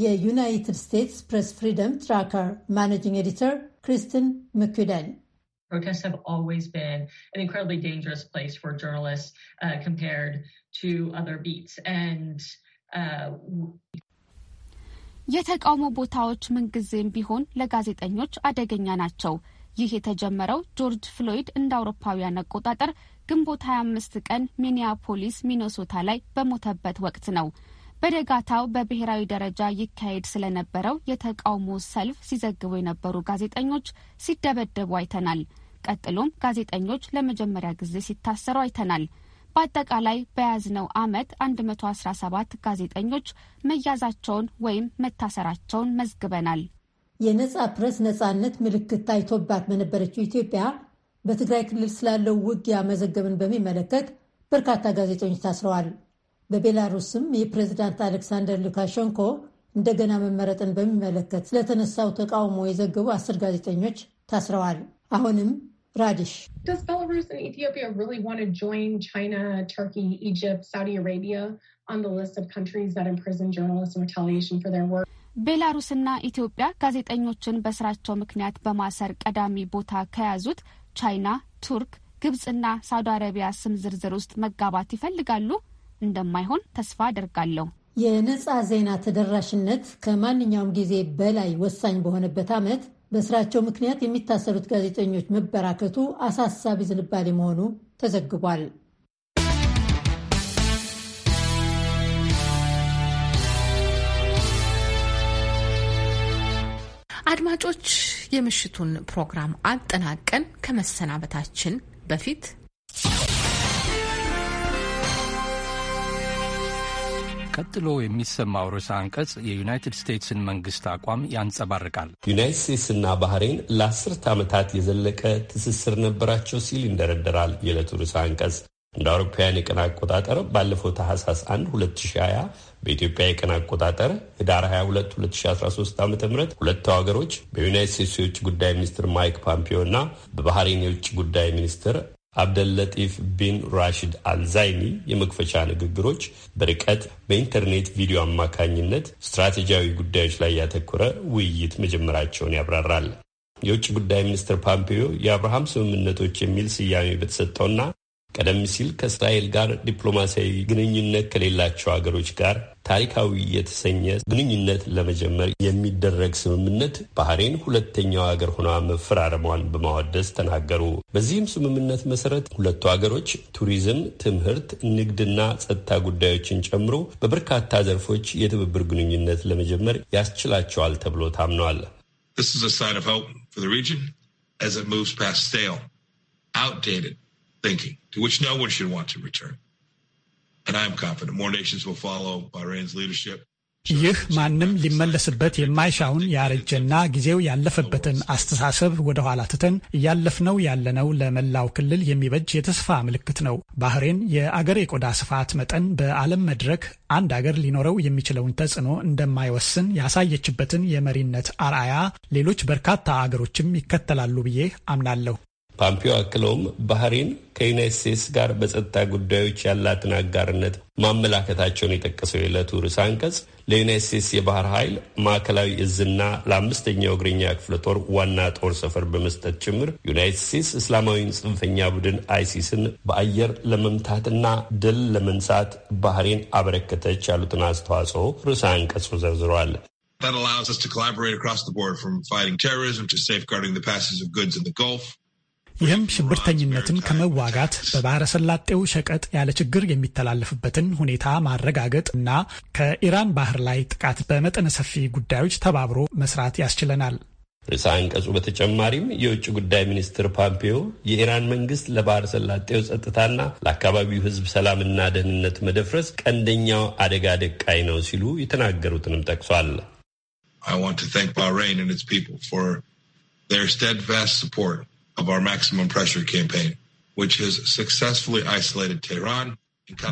የዩናይትድ ስቴትስ ፕሬስ ፍሪደም ትራከር ማኔጂንግ ኤዲተር ክሪስትን ምክደን uh, uh, የተቃውሞ ቦታዎች ምንጊዜም ቢሆን ለጋዜጠኞች አደገኛ ናቸው። ይህ የተጀመረው ጆርጅ ፍሎይድ እንደ አውሮፓውያን አቆጣጠር ግንቦት 25 ቀን ሚኒያፖሊስ ሚኒሶታ ላይ በሞተበት ወቅት ነው። በደጋታው በብሔራዊ ደረጃ ይካሄድ ስለነበረው የተቃውሞ ሰልፍ ሲዘግቡ የነበሩ ጋዜጠኞች ሲደበደቡ አይተናል። ቀጥሎም ጋዜጠኞች ለመጀመሪያ ጊዜ ሲታሰሩ አይተናል። በአጠቃላይ በያዝነው ዓመት 117 ጋዜጠኞች መያዛቸውን ወይም መታሰራቸውን መዝግበናል። የነጻ ፕረስ ነጻነት ምልክት ታይቶባት በነበረችው ኢትዮጵያ በትግራይ ክልል ስላለው ውጊያ መዘገብን በሚመለከት በርካታ ጋዜጠኞች ታስረዋል። በቤላሩስም የፕሬዚዳንት አሌክሳንደር ሉካሸንኮ እንደገና መመረጥን በሚመለከት ስለተነሳው ተቃውሞ የዘገቡ አስር ጋዜጠኞች ታስረዋል። አሁንም ራዲሽ ቤላሩስና ኢትዮጵያ ጋዜጠኞችን በስራቸው ምክንያት በማሰር ቀዳሚ ቦታ ከያዙት ቻይና፣ ቱርክ፣ ግብፅና ሳውዲ አረቢያ ስም ዝርዝር ውስጥ መጋባት ይፈልጋሉ? እንደማይሆን ተስፋ አደርጋለሁ። የነጻ ዜና ተደራሽነት ከማንኛውም ጊዜ በላይ ወሳኝ በሆነበት ዓመት በስራቸው ምክንያት የሚታሰሩት ጋዜጠኞች መበራከቱ አሳሳቢ ዝንባሌ መሆኑ ተዘግቧል። አድማጮች፣ የምሽቱን ፕሮግራም አጠናቀን ከመሰናበታችን በፊት ቀጥሎ የሚሰማው ርዕሰ አንቀጽ የዩናይትድ ስቴትስን መንግስት አቋም ያንጸባርቃል። ዩናይትድ ስቴትስና ባህሬን ለአስርት ዓመታት የዘለቀ ትስስር ነበራቸው ሲል ይንደረደራል የዕለቱ ርዕሰ አንቀጽ። እንደ አውሮፓውያን የቀን አቆጣጠር ባለፈው ታህሳስ 1 2020 በኢትዮጵያ የቀን አቆጣጠር ህዳር 22 2013 ዓ ም ሁለቱ ሀገሮች በዩናይት ስቴትስ የውጭ ጉዳይ ሚኒስትር ማይክ ፓምፒዮ እና በባህሬን የውጭ ጉዳይ ሚኒስትር አብደልለጢፍ ቢን ራሽድ አልዛይኒ የመክፈቻ ንግግሮች በርቀት በኢንተርኔት ቪዲዮ አማካኝነት ስትራቴጂያዊ ጉዳዮች ላይ ያተኮረ ውይይት መጀመራቸውን ያብራራል። የውጭ ጉዳይ ሚኒስትር ፓምፔዮ የአብርሃም ስምምነቶች የሚል ስያሜ በተሰጠውና ቀደም ሲል ከእስራኤል ጋር ዲፕሎማሲያዊ ግንኙነት ከሌላቸው ሀገሮች ጋር ታሪካዊ የተሰኘ ግንኙነት ለመጀመር የሚደረግ ስምምነት ባህሬን ሁለተኛው ሀገር ሆኗ መፈራረሟን በማወደስ ተናገሩ። በዚህም ስምምነት መሰረት ሁለቱ ሀገሮች ቱሪዝም፣ ትምህርት፣ ንግድና ጸጥታ ጉዳዮችን ጨምሮ በበርካታ ዘርፎች የትብብር ግንኙነት ለመጀመር ያስችላቸዋል ተብሎ ታምኗል። This is a sign of hope for the region as it moves past stale, outdated thinking, to which no one should want to return. And I'm confident more nations will follow Bahrain's leadership. ይህ ማንም ሊመለስበት የማይሻውን ያረጀና ጊዜው ያለፈበትን አስተሳሰብ ወደ ኋላ ትተን እያለፍነው ያለነው ለመላው ክልል የሚበጅ የተስፋ ምልክት ነው። ባህሬን የአገር የቆዳ ስፋት መጠን በዓለም መድረክ አንድ አገር ሊኖረው የሚችለውን ተጽዕኖ እንደማይወስን ያሳየችበትን የመሪነት አርአያ ሌሎች በርካታ አገሮችም ይከተላሉ ብዬ አምናለሁ። ፓምፒዮ አክለውም ባህሬን ከዩናይት ስቴትስ ጋር በጸጥታ ጉዳዮች ያላትን አጋርነት ማመላከታቸውን የጠቀሰው የዕለቱ ርዕሰ አንቀጽ ለዩናይት ስቴትስ የባህር ኃይል ማዕከላዊ እዝና ለአምስተኛው እግረኛ ክፍለ ጦር ዋና ጦር ሰፈር በመስጠት ጭምር ዩናይት ስቴትስ እስላማዊን ጽንፈኛ ቡድን አይሲስን በአየር ለመምታትና ድል ለመንሳት ባህሬን አበረከተች ያሉትን አስተዋጽኦ ርዕሰ አንቀጹ ዘርዝሯል። That allows us to collaborate across the board from fighting terrorism to safeguarding the passage of goods in the Gulf. ይህም ሽብርተኝነትን ከመዋጋት በባህረ ሰላጤው ሸቀጥ ያለ ችግር የሚተላለፍበትን ሁኔታ ማረጋገጥ እና ከኢራን ባህር ላይ ጥቃት በመጠነ ሰፊ ጉዳዮች ተባብሮ መስራት ያስችለናል። ርዕሰ አንቀጹ በተጨማሪም የውጭ ጉዳይ ሚኒስትር ፖምፔዮ የኢራን መንግስት ለባህረ ሰላጤው ጸጥታና ለአካባቢው ሕዝብ ሰላምና ደህንነት መደፍረስ ቀንደኛው አደጋ ደቃይ ነው ሲሉ የተናገሩትንም ጠቅሷል። I want to thank Bahrain and its people for their steadfast support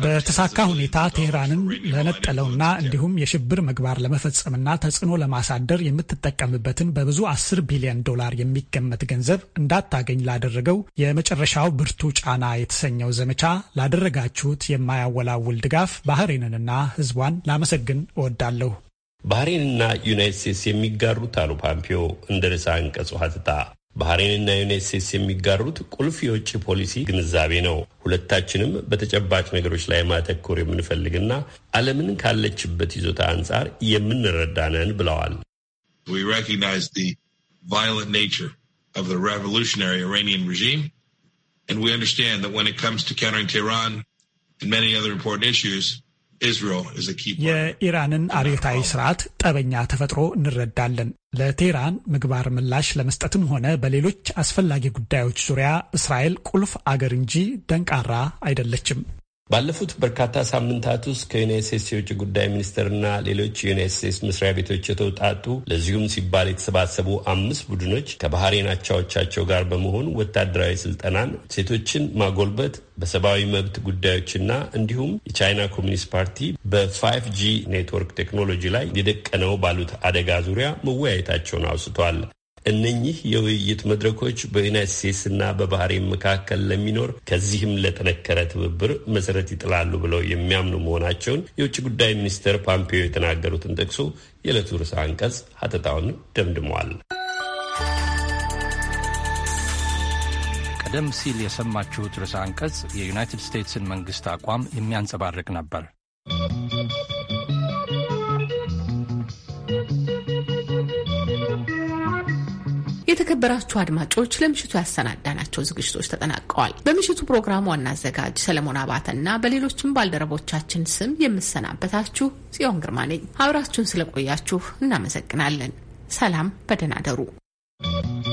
በተሳካ ሁኔታ ቴህራንን ለነጠለውና እንዲሁም የሽብር ምግባር ለመፈጸምና ተጽዕኖ ለማሳደር የምትጠቀምበትን በብዙ አስር ቢሊዮን ዶላር የሚገመት ገንዘብ እንዳታገኝ ላደረገው የመጨረሻው ብርቱ ጫና የተሰኘው ዘመቻ ላደረጋችሁት የማያወላውል ድጋፍ ባህሬንንና ህዝቧን ላመሰግን እወዳለሁ። ባህሬንና ዩናይት ስቴትስ የሚጋሩት አሉ ፓምፒዮ እንደ ርዕሰ አንቀጹ ሀተታ ባህሬንና ዩናይት ስቴትስ የሚጋሩት ቁልፍ የውጭ ፖሊሲ ግንዛቤ ነው። ሁለታችንም በተጨባጭ ነገሮች ላይ ማተኮር የምንፈልግና ዓለምን ካለችበት ይዞታ አንጻር የምንረዳ ነን ብለዋል። የኢራንን አብዮታዊ ስርዓት ጠበኛ ተፈጥሮ እንረዳለን። ለቴህራን ምግባር ምላሽ ለመስጠትም ሆነ በሌሎች አስፈላጊ ጉዳዮች ዙሪያ እስራኤል ቁልፍ አገር እንጂ ደንቃራ አይደለችም። ባለፉት በርካታ ሳምንታት ውስጥ ከዩናይት ስቴትስ የውጭ ጉዳይ ሚኒስትርና ሌሎች የዩናይት ስቴትስ መስሪያ ቤቶች የተውጣጡ ለዚሁም ሲባል የተሰባሰቡ አምስት ቡድኖች ከባህሬን አቻዎቻቸው ጋር በመሆን ወታደራዊ ስልጠናን፣ ሴቶችን ማጎልበት፣ በሰብአዊ መብት ጉዳዮችና እንዲሁም የቻይና ኮሚኒስት ፓርቲ በፋይቭ ጂ ኔትወርክ ቴክኖሎጂ ላይ የደቀነው ባሉት አደጋ ዙሪያ መወያየታቸውን አውስቷል። እነኚህ የውይይት መድረኮች በዩናይት እና በባህሬን መካከል ለሚኖር ከዚህም ለጠነከረ ትብብር መሰረት ይጥላሉ ብለው የሚያምኑ መሆናቸውን የውጭ ጉዳይ ሚኒስትር ፓምፔዮ የተናገሩትን ጠቅሶ የዕለቱ ርዕሰ አንቀጽ ሀተታውን ደምድመዋል። ቀደም ሲል የሰማችሁት ርዕሰ አንቀጽ የዩናይትድ ስቴትስን መንግስት አቋም የሚያንጸባርቅ ነበር። የተከበራችሁ አድማጮች ለምሽቱ ያሰናዳናቸው ዝግጅቶች ተጠናቀዋል። በምሽቱ ፕሮግራም ዋና አዘጋጅ ሰለሞን አባተና በሌሎችም ባልደረቦቻችን ስም የምሰናበታችሁ ጽዮን ግርማ ነኝ። አብራችሁን ስለቆያችሁ እናመሰግናለን። ሰላም፣ በደህና you.